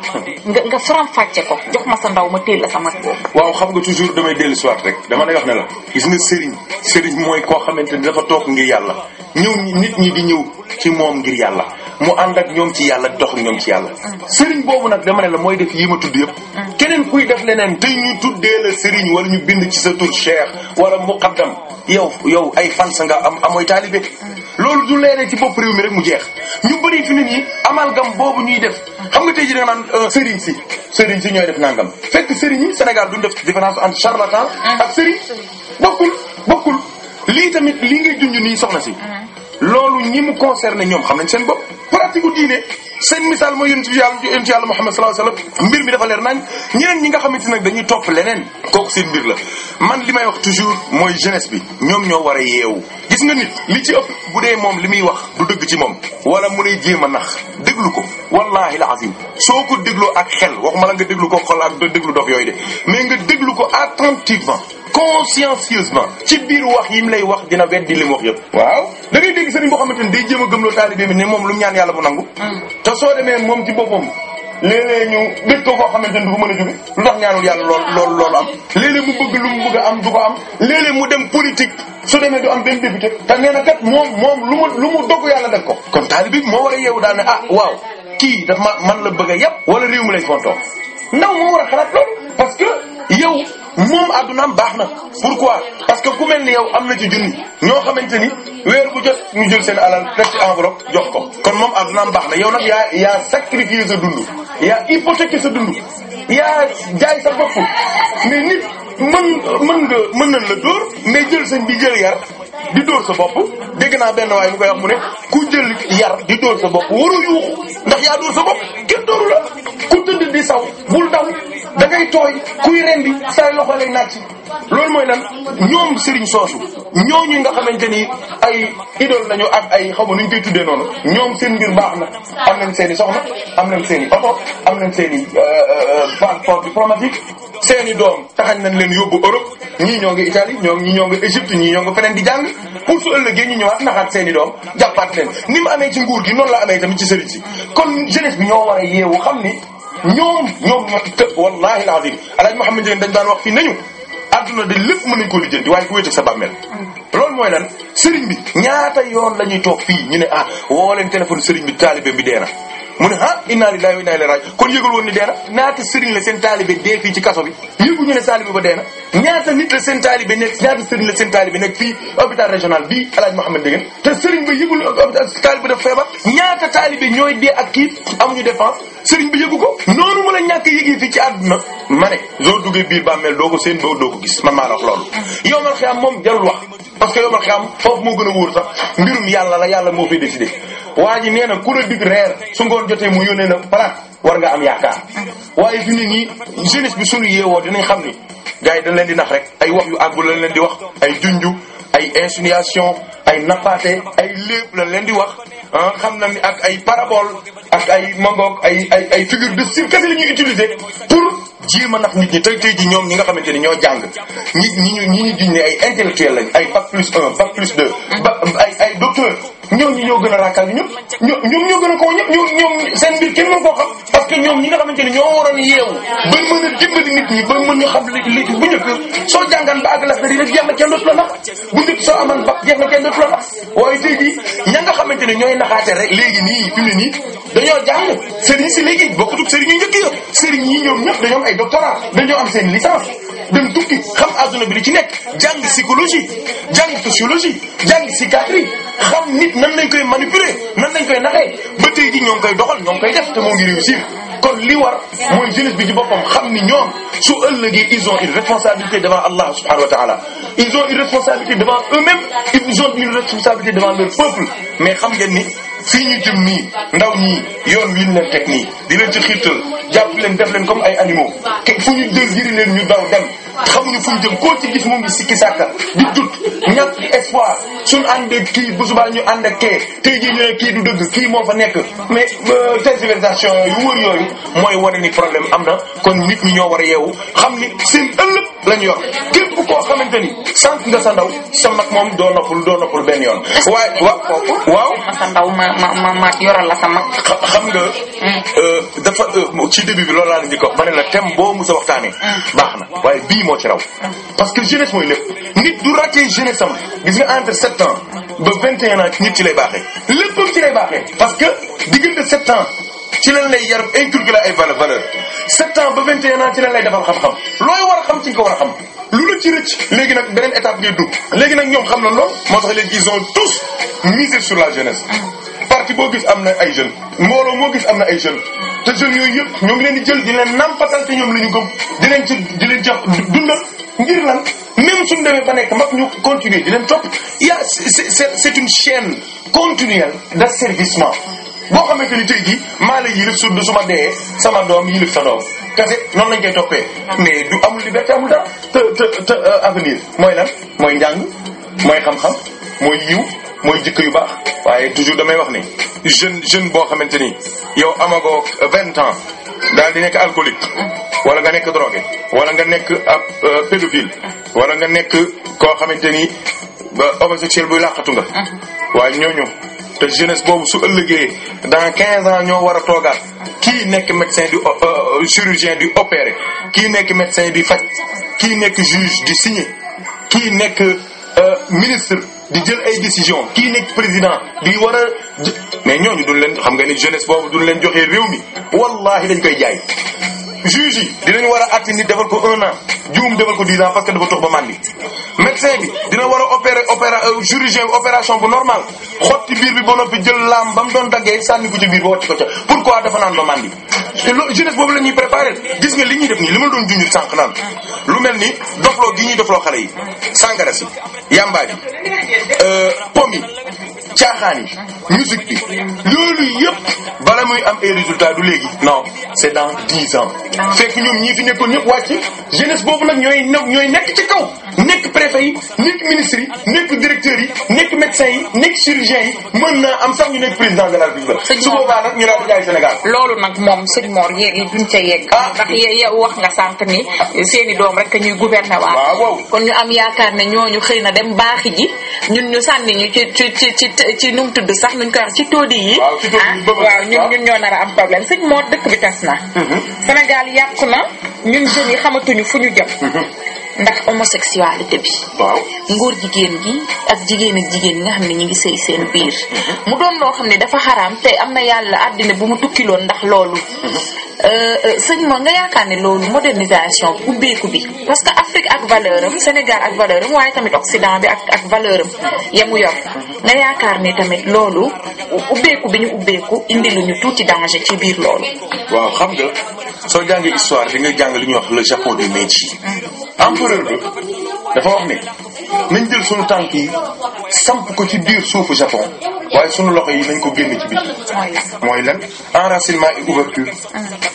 nga nga faram fàcce ko jox ma sa ndaw ma téel la sa mag boobu waaw xam nga toujours damay dellu si rek dama lay wax ne la gis nga sëriñ sëriñ mooy koo xamante ni dafa toog ngir yàlla ñëw nit ñi di ñëw ci moom ngir yàlla mu ànd ak ñoom ci yàlla dox ak ñoom ci yàlla. sëriñ boobu nag dama la mooy def yi ma tudd yëpp. keneen kuy def leneen tey ñu tuddee la sëriñ wala ñu bind ci sa tur cheikh wala muqaddam yow yow ay fan sa nga am amooy taalibe loolu du leeree ci bopp réew mi rek mu jeex ñu bëri fi nit ñi amalgam boobu ñuy def xam nga tey ji da nga naan euh, sëriñ si sëriñ si ñooy def nangam fekk sëriñ yi Sénégal duñ def différence entre charlatan ak sëriñ bokkul bokkul lii tamit lii ngay junj nii soxna si loolu ñi mu concerné ñoom xam nañ seen bopp pratique gu diine seen misaal mooy yonent yàlla yonent yàlla Muhammad sallallahu alayhi wasallam mbir mi dafa leer nañ neen ñi nga xamante nag dañuy topp leneen kooku seen mbir la man li may wax toujours mooy jeunesse bi ñoom ñoo war a yeewu gis nga nit li ci ëpp bu dee moom li muy wax du dëgg ci moom wala mu lay jéem a nax déglu ko wallahi la azim soo ko dégloo ak xel waxuma la nga déglu ko xol ak déglu dof yooyu de mais nga déglu ko attentivement consciencieusement ci biir wax yi mu lay wax dina weddi li mu wax yëpp. waaw da dégg sëriñ ni day jéem a gëmloo taalibe bi ne moom lu mu ñaan yàlla mu nangu. Hmm. te soo demee moom ci boppam ni du ko mën a jóge lu tax ñaanul yàlla lool lool loolu am. léeg-léeg mu lu mu bëgg am du ko am léeg mu dem politique su demee du am benn député te nee na moom moom lu mu lu mu dogg yàlla def ko. kon taalibe bi moo war a yeewu daal ne ah waaw kii dafa man la bëgg a yàpp wala réew mi lay fontoo ndaw moo war a xalaat loolu parce que yow moom addunaam baax na pourquoi parce que ku mel ni yow am na ci junni ñoo xamante ni weer bu jot ñu jël seen alal def ci jox ko kon moom addunaam baax na yow nag yaa yaa sacrifier sa dund yaa hypothéquer sa dund yaa jaay sa bopp mais nit mën mën nga mën nañ la dóor mais jël sëñ bi jël yar di dóor sa bopp dégg naa benn waaye mu koy wax ku jël yar di dóor sa bopp waru yuuxu ndax yaa dóor sa bopp kenn dóoru la ku tëdd di saw bul daw da ngay tooy kuy rendi say loxo lay naaj loolu mooy lan ñoom sëriñ soosu ñooñu nga xamante ni ay idole nañu ak ay xaw nuñ nu ñu koy tuddee noonu ñoom seen mbir baax na am nañ seeni i soxna am nañ seen i am nañ seen i euh, euh, euh, passeport diplomatique seen i doom taxañ nañ leen yóbbu Europe ñii ñoo ngi Italie ñoo ñii ñoo ngi Égypte ñii ñoo ngi feneen di jàng pour su ëllëgee ñu ñëwaat naxaat seen seeni doom jàppaat leen ni mu amee ci nguur gi noonu la ci sëriñ ñoom ñoom te wallaahi alazim alaaj Muhammad dañ daan wax fii nañu adduna de lépp mën nañ ko lijjanti waaye ku wéete sa bàmmeel mm. loolu mooy lan sëriñ bi ñaata yoon la toog fii ñu ne ah woo leen téléphone sëriñ bi taalibe bi dee na mu ne ah inna lillahi wa inna ilayhi raji kon yëgul woon ni dee na ñaata sëriñ la seen taalibe dee fii ci kaso bi yëguñu ne taalibe ba dee na ñaata nit la seen taalibe nekk ñaata sëriñ la seen hôpital régional bii El Hadj Mouhamed Ndieguene te sëriñ ba yëgul taalibe daf feebar ñaata taalibe ñooy dee ak kii amuñu défense sëriñ bi yëgu ko noonu mu la ñàkk yëgee fii ci àdduna ma ne duggee biir bàmmeel doo ko seen doo ko gis man maa la wax parce que yomal xam foofu moo gën a wóor sax mbirum yàlla la yàlla moo fi décidé waa ji nee na ku la dig reer su ngoon jotee mu yónnee la palaat war nga am yaakaar waaye fi nit nii jeunesse bi suñu yeewoo dinañ xam ni gars yi dañ leen di nax rek ay wax yu àggul lañ leen di wax ay junju ay insinuation ay nappaate ay léeb lañ leen di wax ah xam na ni ak ay parabole ak ay mangoog ay ay ay figure de style kese la ñuy utiliser pour jéem a nax nit ñi tey tey ji ñoom ñi nga xamante ni ñoo jàng ñi ñi ñu ñi ñu jiñ ne ay intellectuel lañ ay bac plus un bac plus deux ba ay ay docteur ñooñu ñoo gën a raakaaju ñëpp ñoo ñoom ñoo ñoom seen mbir kenn mën koo xam parce que ñoom ñi nga a dimbali nit ñi ba mën a xam li li bu njëkk soo jàngaan ba àgg laaj rek jeex na kenn dootu la nax bu njëkk soo amal ba jeex na ne ñooy naxaate rek léegi nii fi mu ne nii si ñoom ay doctorat dañoo am seen licence dem tukki xam adduna bi li ci nekk jàng xam nit nan lañ koy manipuler nan lañ koy naxee ba tey ji ñoo koy doxal ñoo koy def te moo ngi réussir li war mooy jeunesse bi ci boppam xam ni ñoom su ëllëgee ils on une responsabilité devant Allah subhanahu wa ta'ala ils ont une responsabilité devant eux-mêmes ils ont une responsabilité devant peuple mais xam ngeen ni fii ñu jëm ndaw ñii yoon wi ñu leen teg nii di leen ci xiirtal jàpp leen def leen comme ay animaux te fu ñu dégg leen ñu daw dem xamuñu fu ñu jëm koo ci gis mu ngi sikki sàkka di dut ñàkk di espoir suñu àndee kii bu subaa ñu ànd ak kee tey jii ñu ne kii du dëgg kii moo fa nekk mais te euh, tergiversation yu wër yooyu mooy wane ni problème am na kon nit ñi ñoo war a yeewu xam ni seen ëllëg lañ yor képp koo xamante ni sant nga sa ndaw sa mag moom doo noppul doo noppul benn yoon waaye waaw waaw sa ndaw ma ma ma yoral la sa mag xam nga mm. euh, dafa euh, ci début bi loolu laa la njëkk wax ma ne la thème boo mos waxtaanee mm. baax na waaye moo ci raw parce que jeunesse mooy lépp nit du raté jeunesse am gis nga entre sept ans vingt et un ans nit ci lay baaxee léppam ci lay baaxee parce que diggante sept ans ci leen lay yar inculquer la ay valeur valeur sept ba vingt et un ans ci leen lay defal xam-xam looy war a xam ci nga ko war a lu la ci rëcc léegi nag beneen étape ngay dugg léegi nag ñoom xam na lool moo tax léegi ils ont tous misé sur la jeunesse parti boo gis am na ay jeunes mbooloo moo gis am na ay jeunes te jeunes yooyu yëpp ñoo ngi leen di jël di leen nampatal te ñoom la ñu gëm di leen ci di leen jox dundal ngir lan même suñu demee ba nekk mag ñu continuer di leen topp yaa c'est c'est une chaîne continuelle d'asservissement boo xamante ni tey jii maa la yilif su su ma dee sama doom yilif sa doom kese noonu lañ koy toppee mais du amul liberté amul dara te te te euh, avenir mooy lan mooy njàng mooy xam-xam mooy yiw mooy jikko yu baax waaye toujours damay wax ni jeune jeune boo xamante ni yow amagoo vingt ans daal di nekk alcoolique wala nga nekk drogué wala nga nekk ab euh, pédophile wala nga nekk koo xamante ni homosexuel buy làqatu nga waaye ñooñu te jeunesse boobu su ëllëgee dans quinze ans ñoo war a toogaat kii nekk médecin di euh, euh, chirurgien di opéré kii nekk médecin di faj kii nekk juge di signé kii nekk ministre di jël ay décision kii nekk président di war a mais ñooñu du leen xam nga ni jeunesse boobu duñ leen joxee réew mi wallahi dañ koy jaay juge yi dinañ war a àtte nit defal ko un an juum defal ko dix parce que dafa tox ba màndi médecin bi dina war a opérer opéra euh, chirurgien bi bu normal xotti biir bi ba noppi jël laam ba mu doon daggee sànni ko ci biir ba xotti ko ca pourquoi dafa naan ba màndi te boobu la ñuy préparer gis nga li ñuy def nii li ma doon junjul sànq naan lu mel ni dofloo gi ñuy dofloo xale yi sàngara si yamba bi euh, pom yi caaxaan yi musique bi loolu yëpp bala muy am ay résultat du léegi non c'est dans dix ans fekk ñoom ñii fi nekkoon ñëpp wàcc jeunesse boobu nag ñooy ñooy nekk ci kaw nekk préfet yi nekk ministre yi nekk directeur yi nekk médecin yi nekk chirurgien yi mën naa am sax nekk président de la République su boobaa nag ñu daal di jaay Sénégal loolu nag moom sëñ Mor yéegi duñ ca yegg ah. ndax yow wax nga sànq ni seeni doom rek ñuy gouverner waaw kon ñu am yaakaar ne ñooñu xëy na dem baaxi ji ñu ñu ci nu mu tudd sax nuñ ko wax ci tóodi yi waaw ah, ñun ñoo nar a am problème sëñ moo dëkk bi tas na mm-hmm. Sénégal yàqu na ñun jeunes yi xamatuñu fu ñu jëm mm-hmm. ndax homosexualité bi waaw ngóor jigéen gi ak jigéen ak jigéen yi nga xam ne ñu ngi sëy seen biir mm-hmm. mu doon loo xam ne dafa xaraam tey am na yàlla àddina bu mu tukkiloon ndax loolu Euh, euh, sëñ ma nga yaakaar ne loolu modernisation ubbeeku bi parce que Afrique ak valeur am Sénégal ak valeur waaye tamit Occident bi ak ak valeur am yamu yor nga yaakaar ne tamit loolu ubbeeku bi ñu ubbeeku indi lu ñu tuuti danger ci biir loolu. waaw xam nga soo jàngee histoire di nga jàng lu ñuy wax le Japon du Meiji. Mm. empereur bi dafa wax ne. nañ del sunu tànk yi samp ko ci biir suufu japon waaye sunu loxo yi nañ ko génn ci biti mooy lan enracinement et ouverture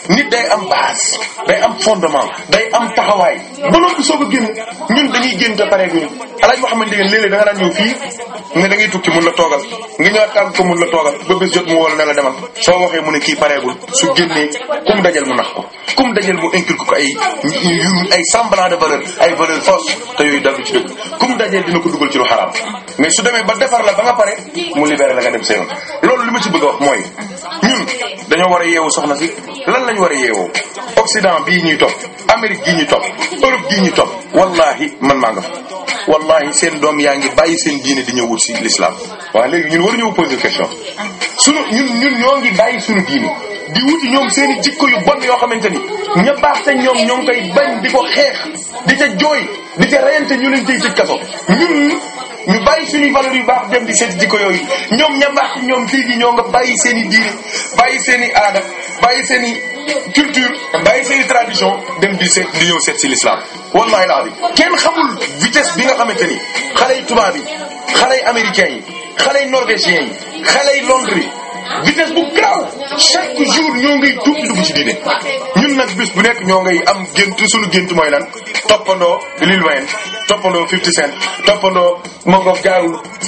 nit day am base day am fondement day am taxawaay ba noppi soog a génn ñun dañuy génn te pare guñu alaaj wax ma te léeg-léeg da nga daan ñëw fii ne da ngay tukki mun na toogal nga ñëwaat tàgg ko mun na toogal ba bés jot mu wol ne la demal soo waxee mu ne kii pareegul su génnee kum dajal mu nax ko kum dajal mu inculque ko ay ay semblant de ay valeur te dalu ci ñu dajeel dina ko dugal ci lu xaraam mais su demee ba defar la ba nga pare mu libéré la nga dem sa yoon loolu li ma ci bëgg a wax mooy ñun dañoo war a yeewu soxna si lan lañ war a yeewoo Occident bii ñuy topp amerique gii ñuy topp Europe gii ñuy topp wallahi man maa nga fa wallahi seen doom yaa ngi bàyyi seen diine di ñëw wut si l'islam waaye léegi ñun war ñu poser question sunu ñun ñun ñoo ngi bàyyi sunu diine di wuti ñoom seen jikko yu bon yoo xamante ni ña baax te ñoom ñoo koy bañ di ko xeex di ca jooy di ca reyante ñu leen ciy tëj kaso ñu bàyyi suñuy valeur yu baax dem di seet jikko yooyu ñoom ña baax ñoom fii di ñoo nga bàyyi seen i diine bàyyi seen i aada bàyyi seen i culture bàyyi seen i tradition dem di seet di yow seet si l'islam wallahi laa bi kenn xamul vitesse bi nga xamante ni xale yu tubaab yi xale yu américains yi xale yu norvégiens yi xale yu Londres vitesse bu graw chaque jour ñoo ngay dugg dugg ci diine ñun nag bis bu nekk ñoo ngay am gént suñu gént mooy lan toppandoo Lil Wayne toppandoo 50 Cent toppandoo Mokgog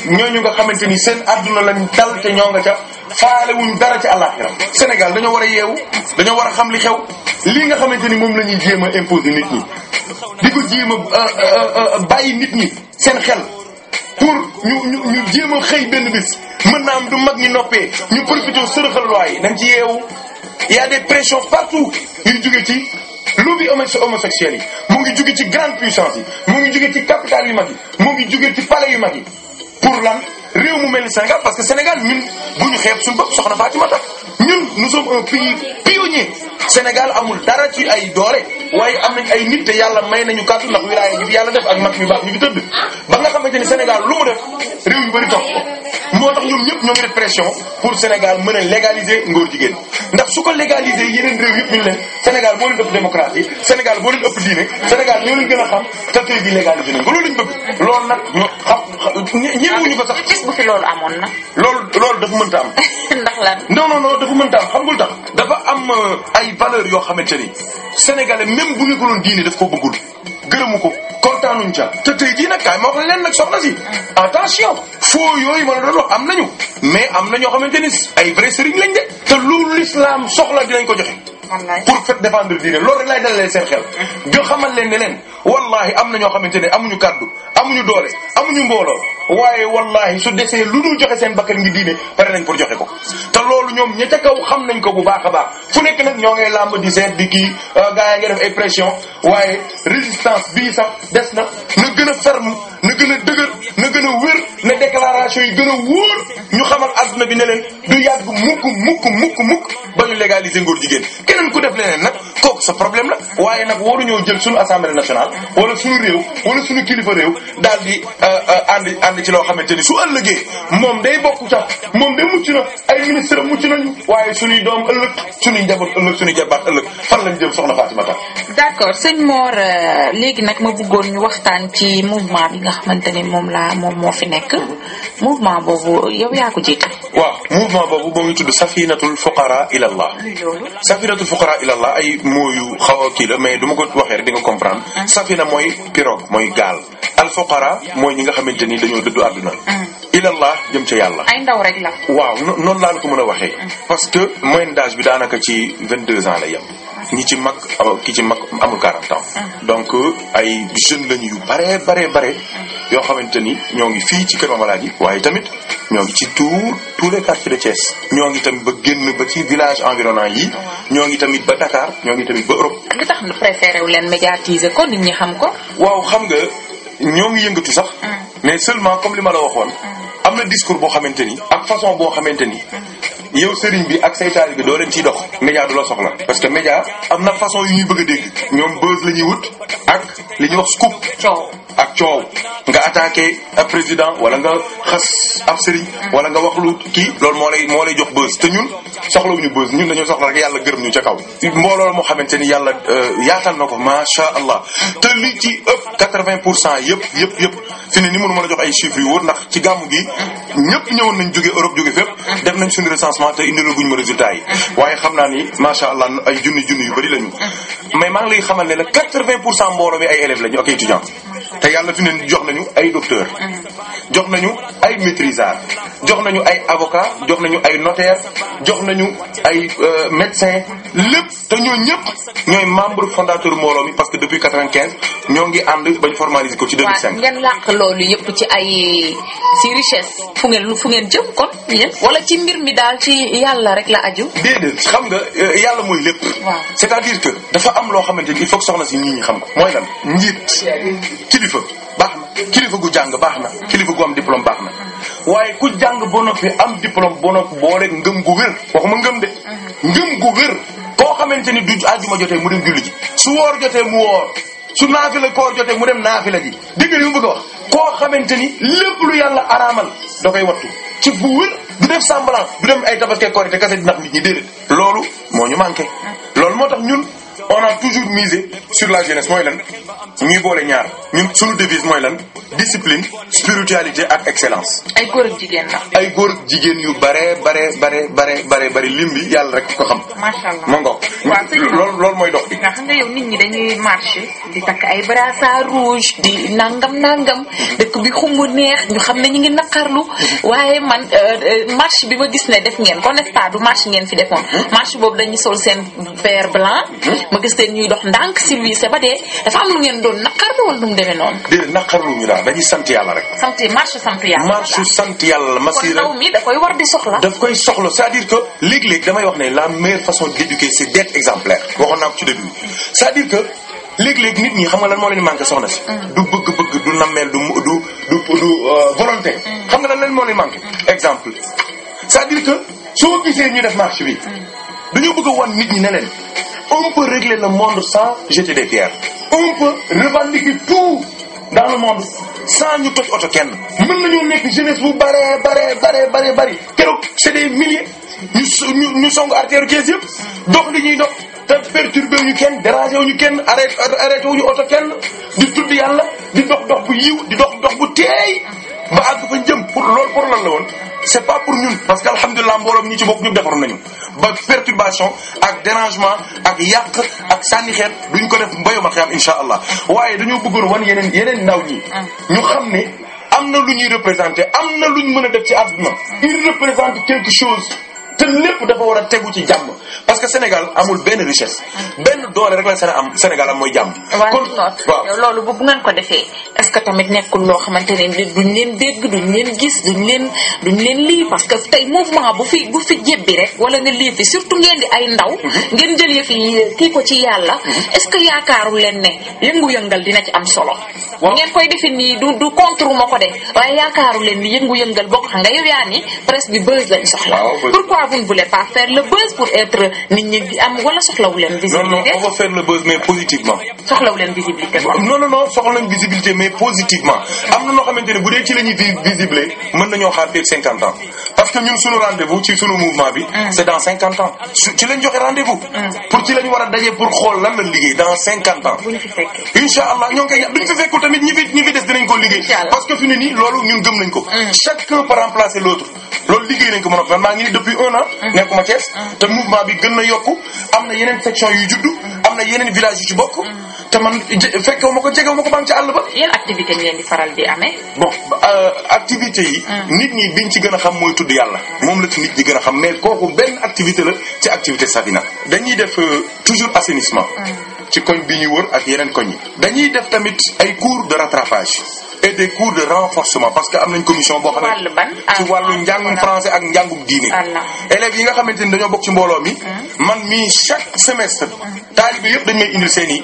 ñoo ñu nga xamante ni seen adduna lañ dal te ñoo nga ca faale wuñ dara ci àllaxira Sénégal dañoo war a yeewu dañoo war a xam li xew lii nga xamante ni moom la ñuy jéem a imposer nit ñi di ko jéem a euh, euh, euh, bàyyi nit ñi seen xel. pour ñu ñu ñu jéem a xëy benn bis mën naa am du mag ñi noppee ñu profité sërëxal loi yi nañ ci yeewu y a des pressions partout ñu jóge ci lobby homosexuel yi mu ngi jóge ci grande puissance yi mu ngi jóge ci capital yu mag yi mu ngi jóge ci palais yu mag yi pour lan réew mu mel ni Sénégal parce que Sénégal ñun bu ñu xeeb suñ bopp soxna Fatimata ñun nous sommes un pays pionnier Sénégal amul dara ci ay doole waaye am nañ ay nit te yàlla may nañu kàttu ndax wilaaya ñu fi yàlla def ak mag yu baax ñu fi tëdd. ba nga xamante ne Sénégal lu mu def réew yu bëri topp ko moo tax ñoom ñëpp ñoo ngi def pression pour Sénégal mën a légaliser ngóor jigéen ndax su ko yeneen réew yëpp ñu leen Sénégal boo leen ëpp démocratie Sénégal boo leen ëpp diine Sénégal ñoo leen gën a xam te tey bi légaliser nañ ko loolu lañ bëgg loolu nag ñu xam ñëwuñu ko sax bu fi loolu amoon na. loolu loolu dafa mënta am. <laughs> ndax lan non non non dafa mënta am xam nga tax dafa am euh, ay valeurs yoo xamante ni sénégalais même bu nekkuloon diine daf ko bëggul gërëmu ko kontaanuñ ca te tey jii nag kaay moo wax leen nag soxna si mm. attention foo yooyu ma la doon wax am nañu mais am na ñoo xamante ni ay vrai sëriñ lañ de te lu l'islam soxla dinañ ko joxe. pour fait défendre diine loolu rek lay dalalee seen xel. Mm. nga xamal leen ne leen wallahi am na ñoo xamante ne amuñu kaddu amuñu doole amuñu mbooloo. waaye wallahi su desee lu dul joxe seen bakkan ngi diine pare nañ pour joxe ko te loolu ñoom ña ca kaw xam nañ ko bu baax a baax fu nekk nag ñoo ngay làmb di seet di kii euh, gaa yaa ngi def ay pression waaye résistance bii sax des na na gën a ferme na gën a dëgër na gën a wér na déclaration yi gën a wóor ñu xamal adduna bi ne leen du yàgg mukk mukk mukk mukk ba ñu légaliser ngóor jigéen keneen ku def leneen nag kooku sa problème la waaye nag waruñoo jël suñu assemblée nationale wala suñu réew wala suñu kilifa réew daal di euh, euh, ci loo xamante ni su ëllëgee moom day bokk ca moom day mucc na ay ministre mucc nañu waaye suñuy doom ëllëg suñuy njaboot ëllëg suñuy jabaat ëllëg fan lañ jëm soxna Fatimata. d'accord sëñ Mor euh, léegi nag ma bëggoon ñu waxtaan ci mouvement bi nga xamante ni moom laa moom moo fi nekk mouvement boobu yow yaa ko jiite. waaw mouvement boobu boo ngi tudd Safinatul Fuqara ilallah. Safinatul Fuqara ilallah mooyu xaw a kii mais du ma ko waxee rek di nga comprendre ah. safina mooy pirogue mooy gaal alfoqara mooy ñi nga xamante ni dañoo dëddu àdduna ah. ilallah jëm ca yàlla la waaw noonu laa la ko mën a waxee ah. parce que moyenne d'âge bi daanaka ci vingt deux ans la yem ñi ci mag ah, ki ci mag amul 40 ah. donc ay jeunes lañu yu bare bare bare ah. yoo xamante ni ñoo ngi fii ci Kër Mamaladi waaye tamit ñoo ngi ci tout tous les quartiers de Thiès. ñoo ngi tamit ba génn ba ci village environnant yi. ñoo ngi tamit ba Dakar ñoo ngi tamit ba Europe. li tax ñu préféré wu leen médiatiser ko nit ñi xam ko. waaw xam nga ñoo ngi yëngatu sax. mais seulement comme li ma la waxoon. am na discours boo xamante ni. ak façon boo xamante ni. yow sëriñ bi ak say taalibe bi doo leen ciy dox média du la soxla parce que média am na façon yu ñuy bëgg a ñoom buzz la ñuy wut li ñuy wax scoop coow ak coow nga attaqué président wala nga xas ab sëriñ wala nga wax lu kii loolu moo lay moo lay jox buzz te ñun soxlawuñu buzz ñun dañoo soxla rek yàlla gërëm ñu ca kaw mbooloo moo xamante ni yàlla euh, yaatal na ko masha allah te ci ëpp quatre pour cent yëpp yëpp yëpp fi ne ni mënu ma la jox ay chiffres yu wóor ndax ci gàmmu gi ñëpp ñëwoon nañ jóge Europe jóge fépp def nañ suñu recensement financement te indiloo guñ ma résultat yi. Mm-hmm. waaye xam naa ni macha allah ay junni junni yu bëri lañu. Mm-hmm. mais maa ngi lay xamal ne la quatre-vingt pour cent mbooloo mi ay élèves lañu ak étudiants. te yàlla fi ne jox nañu ay docteur jox nañu ay maîtrisard jox nañu ay avocat jox nañu ay notaire jox nañu ay euh, médecin lépp te ñoo ñëpp ñooy membre fondateur mbooloo mi parce que depuis quatre-vingt-quinze ñoo ngi ànd bañ formaliser ko ci deux mille cinq ngeen làq loolu yëpp ci ay ci richesse fu ngeen fu ngeen jëm kon yéen wala ci mbir mi daal ci yàlla rek la aju déedéet xam nga euh, yàlla mooy lépp c'est-à-dire que dafa am loo xamante ni il faut soxna si ñi ñi xam ko mooy lan njiit kilif kilifa baax na kilifa gu jàng baax na kilifa gu am diplôme baax na waaye ku jàng ba noppi am diplôme ba noppi boo rek ngëm gu wér waxuma ngëm de ngëm gu wér koo xamante ni du àjjuma jotee mu dem julli ji su woor jotee mu woor su naafila koor jotee mu dem naafila ji dégg li mu bëgg a wax koo xamante ni lépp lu yàlla araamal da koy wattu ci bu wér du def semblant du dem ay tabaski koor te kase di nax ñi déedéet loolu moo ñu manqué loolu moo tax ñun on a toujours misé sur la jeunesse mooy lan ñuy boole ñaar ñun suñu devise mooy lan discipline spiritualité ak excellence. ay góor ak jigéen la. ay góor ak jigéen yu bare bare bare bare bare bare lim bi yàlla rek ko xam. macha allah ma ngoog. waaw loolu mooy dox bi. xam nga yow nit ñi dañuy marché di takk ay brassard rouge di nangam nangam dëkk bi xumb neex ñu xam ne ñu ngi naqarlu waaye man euh, euh, marche bi ma gis ne def ngeen kon n'est-ce pas ngeen fi defoon hmm? marche boobu dañuy sol seen vert blanc. Hmm? ma gis leen ñuy dox ndànk service ba dee dafa am lu ngeen doon naqarlu wala nu mu demee noonu. déedéet naqarlu ñu daal dañuy sant yàlla rek. sant marche sant yàlla. marche sant yàlla masira kon ndaw mi da koy war di soxla. daf koy soxla c'est-à-dire que léeg-léeg damay wax ne la meilleure façon d'éduquer c'est d'être exemplaire waxoon naa ko ci début c'est-à-dire que. léeg-léeg nit ñi xam nga lan moo leen manqué soxna si. Mm. du bëgg-bëgg du nammeel du du du du euh, volonté. Mm. xam nga lan leen moo leen manqué. Mm. exemple c'est-à-dire que soo gisee ñu def marche bi. dañoo bëgg a wan nit ñi ne leen on peut régler le monde sans jeter des pierres on peut revendiquer tout dans le monde sans ñu toj oto kenn mën nañoo nekk jeunesse bu bare bare bare bare bari keroog c'est des milliers ñu ñu songu artère kees yëpp dox li ñuy dox ta perturbé wu ñu kenn dérangé wu ñu kenn arrêté arrêté wu ñu oto kenn di tudd yàlla di dox dox bu yiw di dox dox bu teey ba àgg fa jëm pour loolu pour lan la woon c'est pas pour ñun parce que alhamdulilah mbooloo ñi ci bokk ñu defaroon nañu ba perturbation ak dérangement ak yàq ak sànni xeet duñ ko def mbayuma xeer insha allah waaye dañoo bëggoon wan yeneen yeneen ndaw ñi mm. ñu xam ne am na lu ñuy représenter am na luñ mën a def ci àdduna mm. il représente quelque chose te lépp dafa war a tegu ci jàmm parce que Sénégal amul benn richesse. benn doole rek la seen am Sénégal am mooy jàmm. loolu bu ngeen ko defee est-ce que tamit nekkul loo xamante ne duñ leen dégg duñ leen gis duñ leen duñ leen lii parce que tey mouvement bu fi bu fi jébbi rek wala nga lii fi surtout ngeen di ay ndaw. Mm-hmm. ngeen jël yëf yi kii ko ci yàlla. Mm-hmm. est-ce que yaakaaru leen ne yëngu-yëngal dina ci am solo. ngeen koy defee nii du du contre ma ko de waaye yaakaaru leen ni yëngu-yëngal bokk xam nga yow yaa ni presse bi buzz lañ soxla. pas vous ne voulez pas faire le buzz pour être nit ñi am wala soxlawu leen visibilité mais positivement. soxlawu leen visibilité non non non leen visibilité mais positivement am na noo xamante ne bu dee ci parce que ñun suñu rendez-vous ci suñu mouvement bi. Mm. c'est dans cinquante ans ci lañ joxe rendez mm. pour ci lañ war a daje pour xool lan la liggéey dans cinquante ans. buñ fi fekkee incha allah ñoo ngi koy duñ fi fekkul tamit ñi fi ñi fi des dinañ ko liggéey. parce que fi mu ne nii loolu ñun gëm nañ ko. Mm. chacun peut remplacer l'autre loolu liggéey nañ ko mën a man maa ngi nii depuis un an. nekkuma Thiès. te mouvement bi gën na yokku am na yeneen section yu juddu. am na yeneen village yu ci bokk. Mm. te man fekkewu ko jegewu ma ko bam ci àll ba. yan activité ngeen amee. bon euh, activité yi. Mm. nit ñi biñ ci gën a xam mooy tudd yàlla. Mm. moom la ci nit ñi gën a xam mais kooku benn activité la ci activité Sabina. dañuy def euh, toujours assainissement. ci koñ bi ñu wër ak yeneen koñ yi. dañuy def tamit ay cours de rattrapage. et des cours de renforcement parce que am nañ commission boo xam ah, ci wàllu njàngum français ak njàngum diine ah, élèves yi nga xamante ni dañoo bokk ci mbooloo mi hmm. man mii chaque semestre taalibe yëpp dañ may indil seen i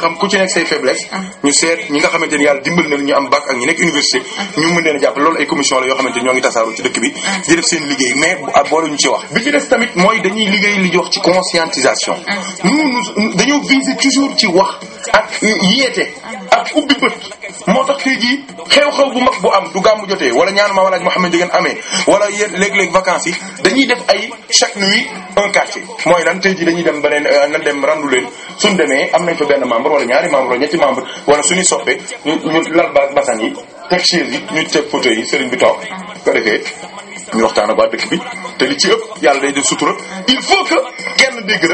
xam ku ci nekk say faiblesse hmm. ñu seet ñi nga xamante ni yàlla dimbali na ñu am bac ak ñu nekk université hmm. ñu mën leen a jàpp loolu ay commission la yoo xamante ni ñoo ngi tasaaru ci dëkk bi di seen liggéey mais ah, boolu ñu ci moo tax fii ji xew-xew bu mag bu am du gàmmu jotee wala ñaanu ma walaaj Mouhamed Ndieguene amee wala yéen léeg-léeg vacances yi dañuy def ay chaque nuit un quartier mooy lan tey ji dañuy dem beneen euh, suñ demee am nañ fa benn membre wala ñaari membre wala ñetti membre wala suñuy ñu ñu lal basan yi teg chaise yi ñu teg fauteuil yi sëriñ bi toog ko defee ñu waxtaan ak waa dëkk bi te li ci ëpp yàlla day def sutura il faut que kenn dégg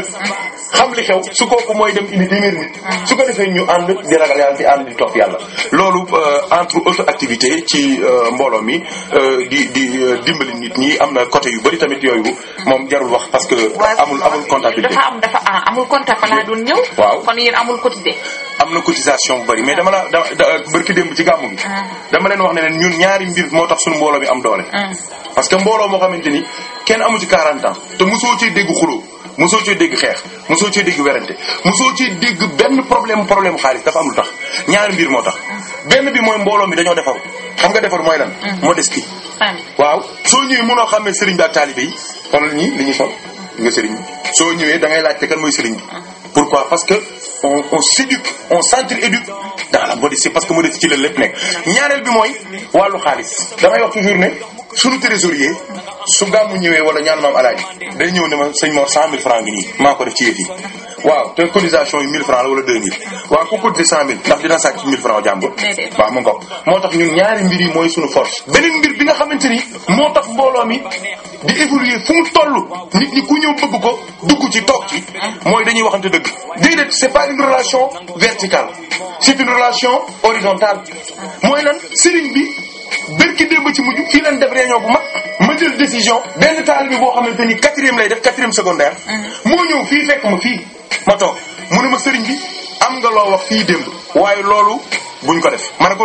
xam li xew su kooku mooy dem indi téeméeri nit mm. su ko defee ñu ànd di ragal yàlla di ànd di topp yàlla loolu euh, entre autres activités ci euh, mbooloo mi euh, di di dimbali nit ñi am na côté yu bari tamit yooyu moom jarul wax parce que amul amul comptabilité dafa am dafa ah, amul comptable fa laa ñëw waaw kon yéen amul cotisé am na cotisation mu bari mais dama la da bërki démb ci gàmmu bi mm. dama leen wax ne leen ñun ñaari mbir moo tax suñu mbooloo mi am doole mm. parce que mbooloo moo xamante ni kenn amu ci 40 ans te mosoo ci dégg mosoo ci dégg xeex soo ci dégg werante mosoo ci dégg benn problème problème xaalis dafa am lu tax ñaari mbir moo tax benn bi mooy mbooloo mi dañoo defaru xam nga defaru mooy lan moo des kii waaw soo ñëwee mënoo xamee sëriñ bi ak taalibe yi xoolal ñii li ñuy sol nga sëriñ bi soo ñëwee da ngay laajte kan mooy sëriñ bi mm. pourquoi parce que on on s'éduque on s'entre-éduque dans la modestie parce que modestie ci la lépp nekk mm. ñaareel bi mooy wàllu xaalis damay wax toujours ne sunu trésorier su gàmmu ñëwee wala ñaan maam alaaji day ñëw ne ma sëñ Mor cent mille francs ngi nii maa ko def ci yi waaw te cotisation wala deux mille waaw ku cotisé cent mille ndax dina sàcc mille francs jàmbur waaw moo tax ñun ñaari mbir yi mooy sunu force beneen mbir bi nga xamante ni moo tax mbooloo mi di évoluer fu mu toll nit ñi ku ñëw bëgg ko dugg ci toog ci mooy dañuy waxante dëgg déedéet c'est pas une relation verticale c'est une relation horizontale mooy lan sëriñ bi bërki démb ci mujj fii lañ def réunion bu mag ma jël décision benn taal bi boo xamante ni quatrième lay def quatrième secondaire mm. moo ñëw fii fekk ma fii ma toog mu ne ma sëriñ bi am nga loo wax fii démb waaye loolu buñ ko def ma ne ko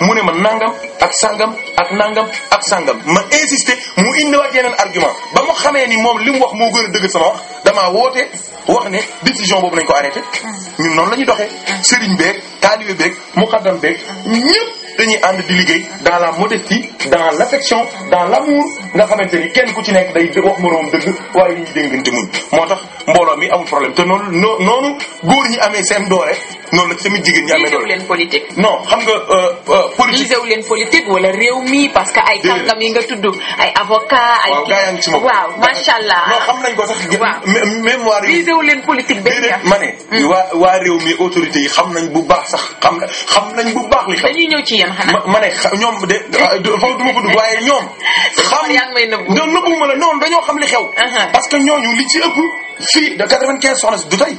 mu ne ma nangam ak sangam ak nangam ak sangam ma insister mu indiwaat yeneen argument ba ma xamee ni moom li mu wax moo gën a dëgg sama wax damaa woote wax ne décision boobu nañ ko arrêté ah. ñun noonu la ñuy doxee ah. sëriñ beeg taalibe beeg muqaddam beeg ah. ñëpp dañuy ànd di liggéey dans la modestie dans l'affection dans l'amour nga xamante ni kenn ku ci nekk day wax moroom dëgg waaye li ñu déngante muñ moo tax mbooloo mi amul problème te noonu noo noonu góor ñi amee seen doole noonu la tamit jigéen ñi amee doole. leen politique. non xam nga euh, euh, politique lisewu leen wala réew mi parce que ay kàngam yi nga tudd ay avocat ay waaw gaa yaa ngi ci moom waaw macha allah. non xam nañ ko sax. mi lisewu leen politique benn yàq. ma ne hmm. mi autorité yi xam nañ bu baax sax xam na xam nañ bu baax li xew. dañuy ñëw ci yéen xanaa. ma ñoom ah, de foofu du ma ko dugg waaye ñoom. <laughs> xam yaa ngi may nëbbu. non nëbbu ma la ñoom dañoo xam li xew. Uh-huh. parce que ñooñu li ci ëpp fii de 95 soxna si du tey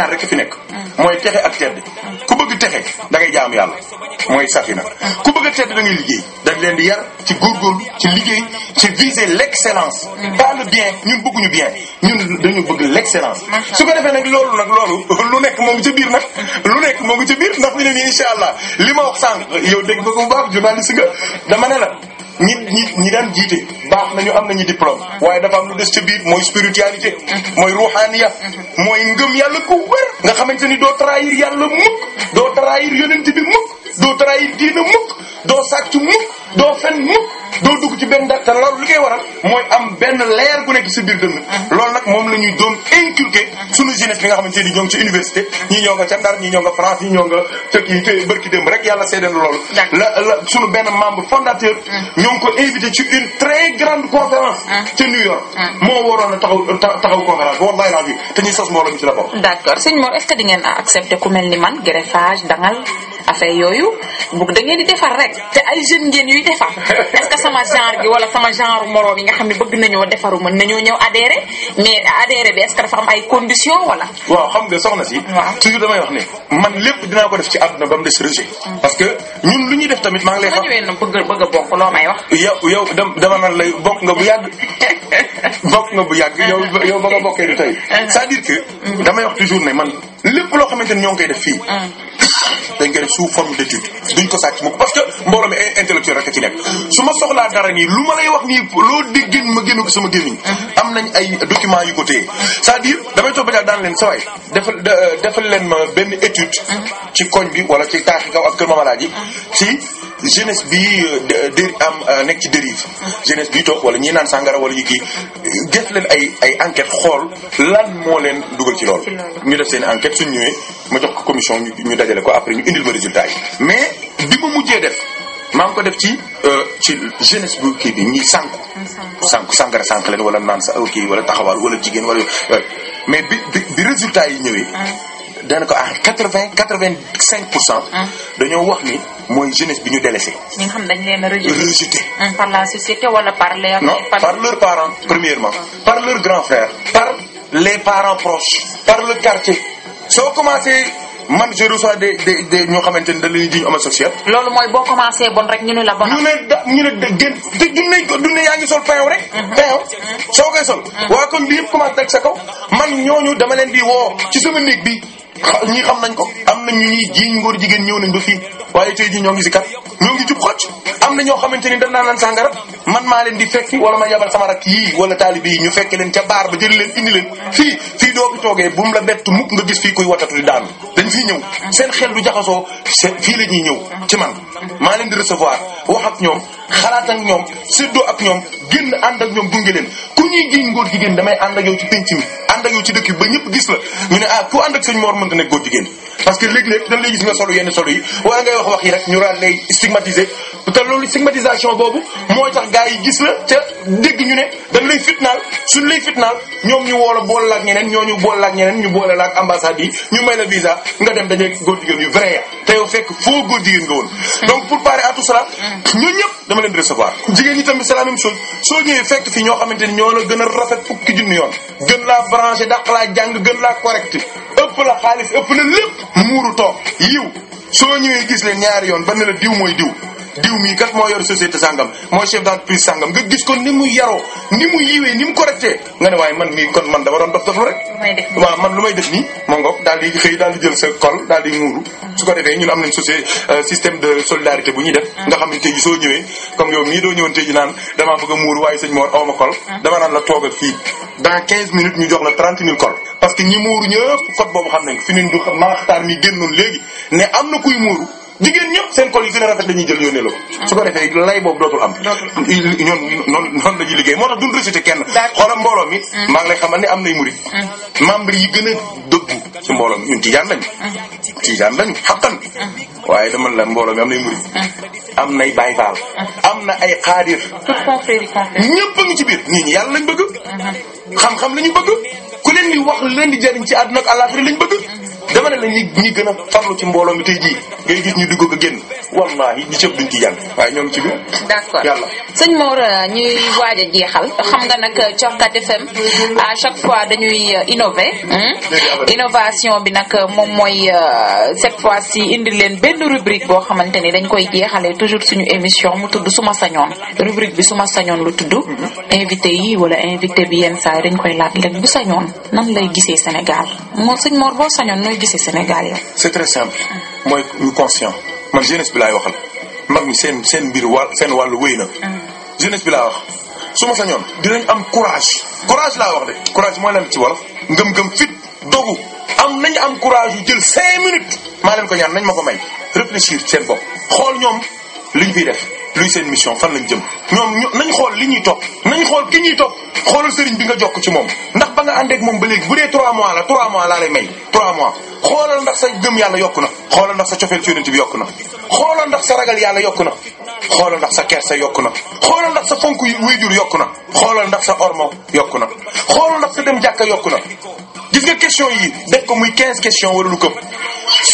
ñaar rek fi nekk mooy texe ak tedd ku bëgg texe da ngay jaam yàlla mooy safina ku bëgg a tedd da ngay liggéey dañ leen di yar ci góorgóorlu ci liggéey ci viser l'excellence pas le bien ñun bëgguñu bien ñun dañu bëgg l'excellence su ko defee nag loolu nag loolu lu nekk moom ngi ca biir nag lu nekk moo ngi ca biir ndax ñu ne nii incha allah li ma yow dégg nga ko bu baax journaliste nga dama ne la ñi ñi ñi daan jiite baax nañu am nañu diplôme waaye dafa am lu des ca biir mooy spiritualité mooy ruhaniya mooy ngëm yàlla ku wér nga xamante ni doo trahir yàlla mukk doo trahir yonent bi mukk doo trahir diina mukk doo sàcc mukk doo fen mukk doo dugg ci benn dara loolu li koy waral mooy am benn leer gu nekk ci biir dënn loolu nag moom la ñuy doon inculquer suñu jeunesse bi nga xamante ni ñoo ngi ci université ñii ñoo nga ca Ndar ñii ñoo nga France ñii ñoo nga ca kii te bërki démb rek yàlla seedeen loolu suñu benn membre fondateur mm. ñoo ngi invité ci une très grande conférence mm. ca New York mm. moo waroon a taxaw taxaw conférence wallahi laabi te ñuy sos mbooloo mi ci la bokk d'accord sëñ Mor est di ngeen sama genre gi wala sama genre moroom yi nga xam ne bëgg nañoo defaru mën nañoo ñëw adhéré mais adhéré bi est-ce que dafa am ay condition wala. waaw xam nga soxna si. waaw toujours damay wax ne man lépp dinaa ko def ci àdduna ba mu des mm. parce que ñun lu ñuy def tamit ngi lay. xam nga ñëwee na bëgg a bokk loo may wax. yow yow dama naan lay bokk nga bu yàgg <laughs> bokk nga bu yàgg yow yow ba nga bokkee du tey mm. mm. damay wax toujours ne man lépp loo xamante ni ñoo ngi koy def fii dañ koy sous forme d'étude duñ ko sàcc mukk parce que mbooloo mi intellectuel rek a ci nekk su ma soxlaa dara nii lu ma lay wax nii loo déggin ma génn ko sama gémmiñ mhm. am nañ ay documents yu ko téye c'est-à-dire damay toog ba daan leen sa waay defal defal leen ma benn étude mhm. ci koñ bi wala ci taaxi kaw ak kër Mamalaaji si mhm. jeunesse bi euh, déri am euh, nekk ci dérive jeunesse bi toog wala ñi naan sàngara wala ñu kii def leen ay ay enquête xool lan moo leen dugal ci loolu ñu def seen enquête suñ ñëwee ma jox ko commission ñu dajale ko après ñu indil ma résultat yi mais bi ma mujjee def maa ngi ko def ci euh, ci jeunesse bu kii bi ñi sànku sanku sàngara sànk leen wala naan sa kii wala taxawaal wala jigéen wala mais bi bi résultat yi ñëwee dana ko ah quatre vingt quatre vingt cinq pour cent. dañoo wax ni mooy jeunesse bi ñu délaissé. ñi nga xam dañ leen a par la société wala par les. non par premièrement. par leurs grands frères. par les parents proches. par le quartier. soo commencé man je reçois des des des ñoo xamante ni da la ñuy jiñ homosexuel. loolu mooy boo commencé bon rek ñu ne la bon. ñu ne da ñu te duñ nañ yaa ngi sol peew rek. peew soo koy sol. waa comme bi yëpp commencé teg leen di woo ci bi. ñii xam nañ ko am nañ ñu ñuy jiiñ ngóor jigéen ñëw nañ ba fii waaye tey ñoo ngi si kat ñoo ngi jub xocc am na ñoo xamante ni dañ naan leen sàngara man maa leen di fekki wala ma yabal sama rak yii wala taalibe yi ñu fekk leen ca baar ba jël leen indi leen fii fii doo bi toogee bu mu la bett mukk nga gis fii kuy watatu di daanu dañ fii ñëw seen xel du jaxasoo fii la ñuy ñëw ci man maa leen di recevoir wax ak ñoom xalaat ak ñoom séddoo ak ñoom génn ànd ak ñoom gunge leen ku ñuy jiñ góor jigéen damay ànd ak yow ci penc mi ànd ak yow ci dëkk bi ba ñëpp gis la ñu ne ah ku ànd ak sëñ Mor mënta nekk góor jigéen parce que léeg-léeg dañ lay gis nga solo yenn solo yi waaye ngay wax wax yi rek ñu raad lay stigmatiser te loolu stigmatisation boobu mooy tax gars yi gis la te dégg ñu ne dañ lay fitnaal suñ lay fitnaal ñoom ñu woola boole la ak ñeneen ñooñu boole la ak ñu boole la ak ambassade yi ñu may la visa nga dem dañuy góor jigéen yu vrai te yow fekk foo góor jigéen nga woon. Hmm. donc pour parer à tout cela. Hmm. ñooñu ñëpp dama leen di recevoir. jigéen ñi tamit c'est la même soo ñëwee fekk fi ñoo xamante ni ñoo la gën a rafet fukki junni yoon gën laa branché dàq laa jàng gën laa correct ëpp la xaalis ëpp la lépp muuru toog yiw soo ñëwee gis leen ñaari yoon ba ne la diw mooy diw diw mii kat moo yor société sangam mooy chef d'entreprise sangam nga gis ko ni mu yaroo ni mu yiwee ni mu correcté nga ne waaye man mii kon man dama doon dof dof rek. waaw man lu may def nii moo daal di jël sa kol daal di muuru. Mm-hmm. su ko defee ñun euh, de mm-hmm. doo ñëwoon tey naan damaa bëgg a muuru waaye sëñ Mor aw ma mm-hmm. dama naan la toogal fii dans 15 minutes ñu jox la 30 000 kol. parce que ñi muuru ñëpp code boobu xam nañ fi mu du maaxtaar mi génnoon léegi ne jigéen ñëpp seen col yi gën a rafet dañuy jël yónnee la ko ah. su ko defee lay boobu dootul am ñoon noonu noonu la ñuy liggéey moo tax duñ recité kenn xoolal mbooloo mm. maa ngi xamal ne am nay murid mm. membre yi gën a dëggu ci mbooloo mi ñun tijaan lañu mm. tijaan lañu xaqan waaye dama la mbooloo mi am nay am nay Baay Faal am na ay xaadir ñëpp a ngi ci biir nit ñi yàlla lañ bëgg mm-hmm. xam-xam lañu bëgg ku leen di wax leen di jariñ ci àdduna ak àllaaxira lañ bëgg dama ne la ñi ñi gën a farlu ci mbooloo mi tey jii ñu dugg ko génn wallahi ñi cëb ci jàng waaye ñoom ci biir d'accord yàlla sëñ euh, jeexal xam nga nag euh, Cokkat FM à chaque fois dañuy euh, innover innovation bi nag moom mooy cette fois ci indi leen benn rubrique boo xamante ni dañ koy jeexalee toujours suñu émission mu tudd suma sañoon rubrique bi suma sañoon lu tudd mm-hmm. invité yi wala invité bi yenn saa dañ koy laaj leen bu nan lay gisee Sénégal moo sëñ Mor boo sañoon nooy gisee Sénégal yow. c'est très simple mooy ñu conscient man jeunesse bi laay waxal mag ñi seen seen mbir wàll seen wàllu wéy na. Ah. jeunesse bi laa wax su ma sañoon dinañ am courage courage laa wax de courage mooy lan ci wolof ngëm-ngëm fit dogu am nañ am courage yu jël cinq minutes maa leen ko ñaan nañ ma ko may réfléchir seen bopp xool ñoom liñ fiy def luy seen mission fan lañ jëm ñoom nañ xool li ñuy nañ xool ki ñuy topp xoolal sëriñ bi nga jokk ci moom ndax ba nga àndeek moom ba léegi bu dee 3 mois la 3 mois laa lay may 3 mois xoolal ndax sa gëm yàlla yokk na xoolal ndax sa cofeel yokk na xoolal ndax sa ragal yàlla yokk na xoolal ndax sa kersa yokk na xoolal ndax sa fonk wéyjur yokk na xoolal ndax sa orma yokk na xoolal ndax sa dem jàkka yokk na gis nga question yi def ko muy 15 question wala lu këpp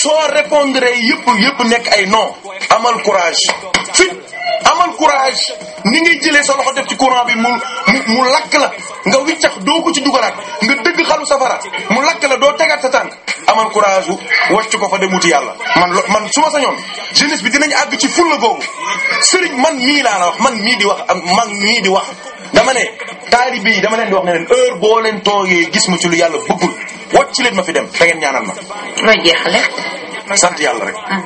soo répondre yëpp yëpp nekk ay non amal courage fit amal courage ni ngay jëlee sa loxo def ci courant bi mu mu lakk la nga wiccax doo ko ci dugalaat nga dëgg xalu safara mu lakk la doo tegaat sa tànk amal courage wu wàcc ko fa demuti yàlla. man man su ma sañoon jeunesse bi dinañ àgg ci fulla googu sëriñ man mii laa la wax man mii di wax ak man mii di wax dama ne taalibe yi dama leen di wax ne leen heure boo leen toogee gis ma ci lu yàlla bëggul wàcc leen ma fi dem da ngeen ñaanal ma. ma jeexale. sant yàlla rek. Ah.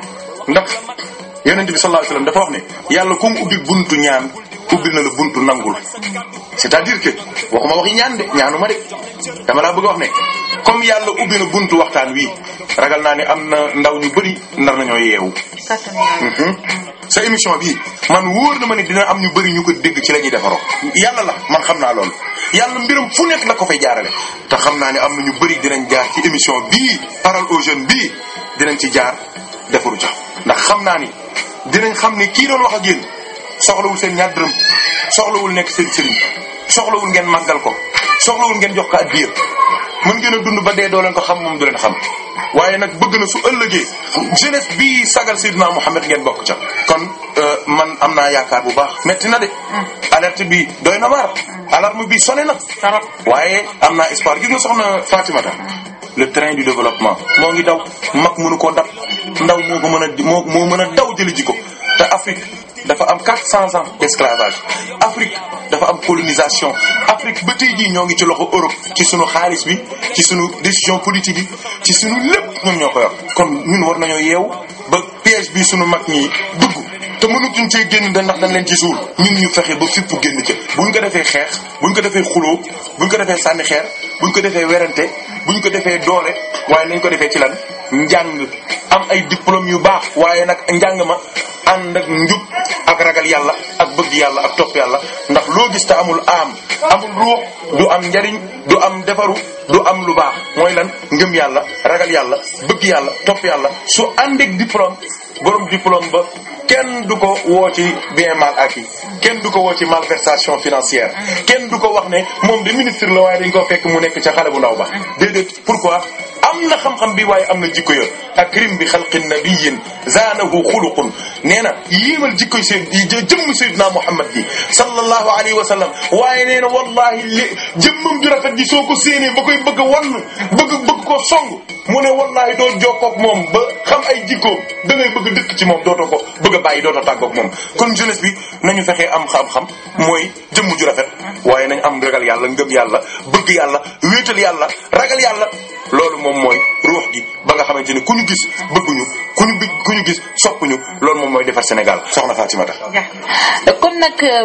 yonent bi sallallahu alayhi wasallam dafa wax ne yàlla ku mu ubbi buntu ñaan ubbil na la buntu nangul c'est-à-dire que waxuma waxi ñaan de ñaanuma de dama laa bëgg a wax ne comme yàlla ubbi na buntu waxtaan wi ragal naa ne am na ndaw ñu bëri nar nañoo yeewu. Mhm. sa émission bi man wóor na ma ne dina am ñu bëri ñu ko dégg ci la ñuy defaroo yàlla la man xam naa loolu yàlla mbirum fu nekk la ko fay jaarale te xam naa ne am na ñu bëri dinañ jaar ci émission bii parole aux jeunes bii dinañ ci jaar. defaru ca ndax xam naa ni dinañ xam ni kii doon wax ak yéen soxlawul seen ñaar dërëm soxlawul nekk seen sëriñ soxlawul ngeen màggal ko soxlawul ngeen jox ko ak biir mën ngeen a dund ba dee doo leen ko xam moom du leen xam waaye nag bëgg na su ëllëgee jeunesse bi sagal Seydina Muhammad ngeen bokk ca kon euh, man am naa yaakaar bu baax metti na de mm. alerte bi doy na waar mm. alarme bi sonné na waaye am naa espoir gis nga soxna Fatimata mm. le train du développement moo ngi daw mag mënu koo dab ndaw moo ko mën a moo moo mën a daw jële ji ko te Afrique dafa am 400 ans d'esclavage Afrique dafa am colonisation Afrique ba tey jii ñoo ngi ci loxo Europe ci suñu xaalis bi ci suñu décision politique bi ci sunu lépp ñoom ñoo ko yor kon ñun war nañoo yeew ba piège bi sunu mag ñi dugg te mënutuñ cee génn da ndax dañ leen ci suul ñun ñu fexe ba fipp génn ca buñ ko defee xeex bu ñu ko defee xuloo buñ ko defee sànni xeer buñ ko defee werante bu ñu ko defee doole waaye nañ ko defee ci lan njàng am ay diplôme yu baax waaye nag njàng ma ànd ak njub ak ragal yàlla ak bëgg yàlla ak topp yàlla ndax loo gis te amul am amul ruux du am njariñ du am defaru du am lu baax mooy lan ngëm yàlla ragal yàlla bëgg yàlla topp yàlla su àndeeg diplôme borom diplôme ba kenn du ko woo ci bien mal acquis kenn du ko woo ci malversation financière kenn du ko wax ne moom de ministre la waaye dañ koo fekk mu nekk ca xale bu ndaw ba mm. déedéet pourquoi am na xam-xam bi waaye am na jikko ya akrim bi xalqin nabiyyin zaanahu xuluqun nee na yéemal jikko yi seen jëmm sayyidina Muhammad bi sallallahu alayhi wa sallam waaye nee na wallahi li jëmmam ju rafet ji soo ko séenee ba koy bëgg a bëgg bëgg koo song mu ne wallahi doo jokkoog moom ba xam ay jikkoom da ngay ci moom dootoo ko bëgg a bàyyi dootoo tàggoog moom kon jeunesse bi nañu fexee am xam-xam mooy jëmm ju rafet waaye nañ am ragal yàlla ngëm yàlla bëgg yàlla wéetal yàlla ragal yàlla loolu moom mooy ruux gi ba nga xamante ni ku ñu gis bëgguñu ku ñu ku ñu gis soppuñu loolu moom mooy defar Sénégal soxna Fatimata kon nag euh,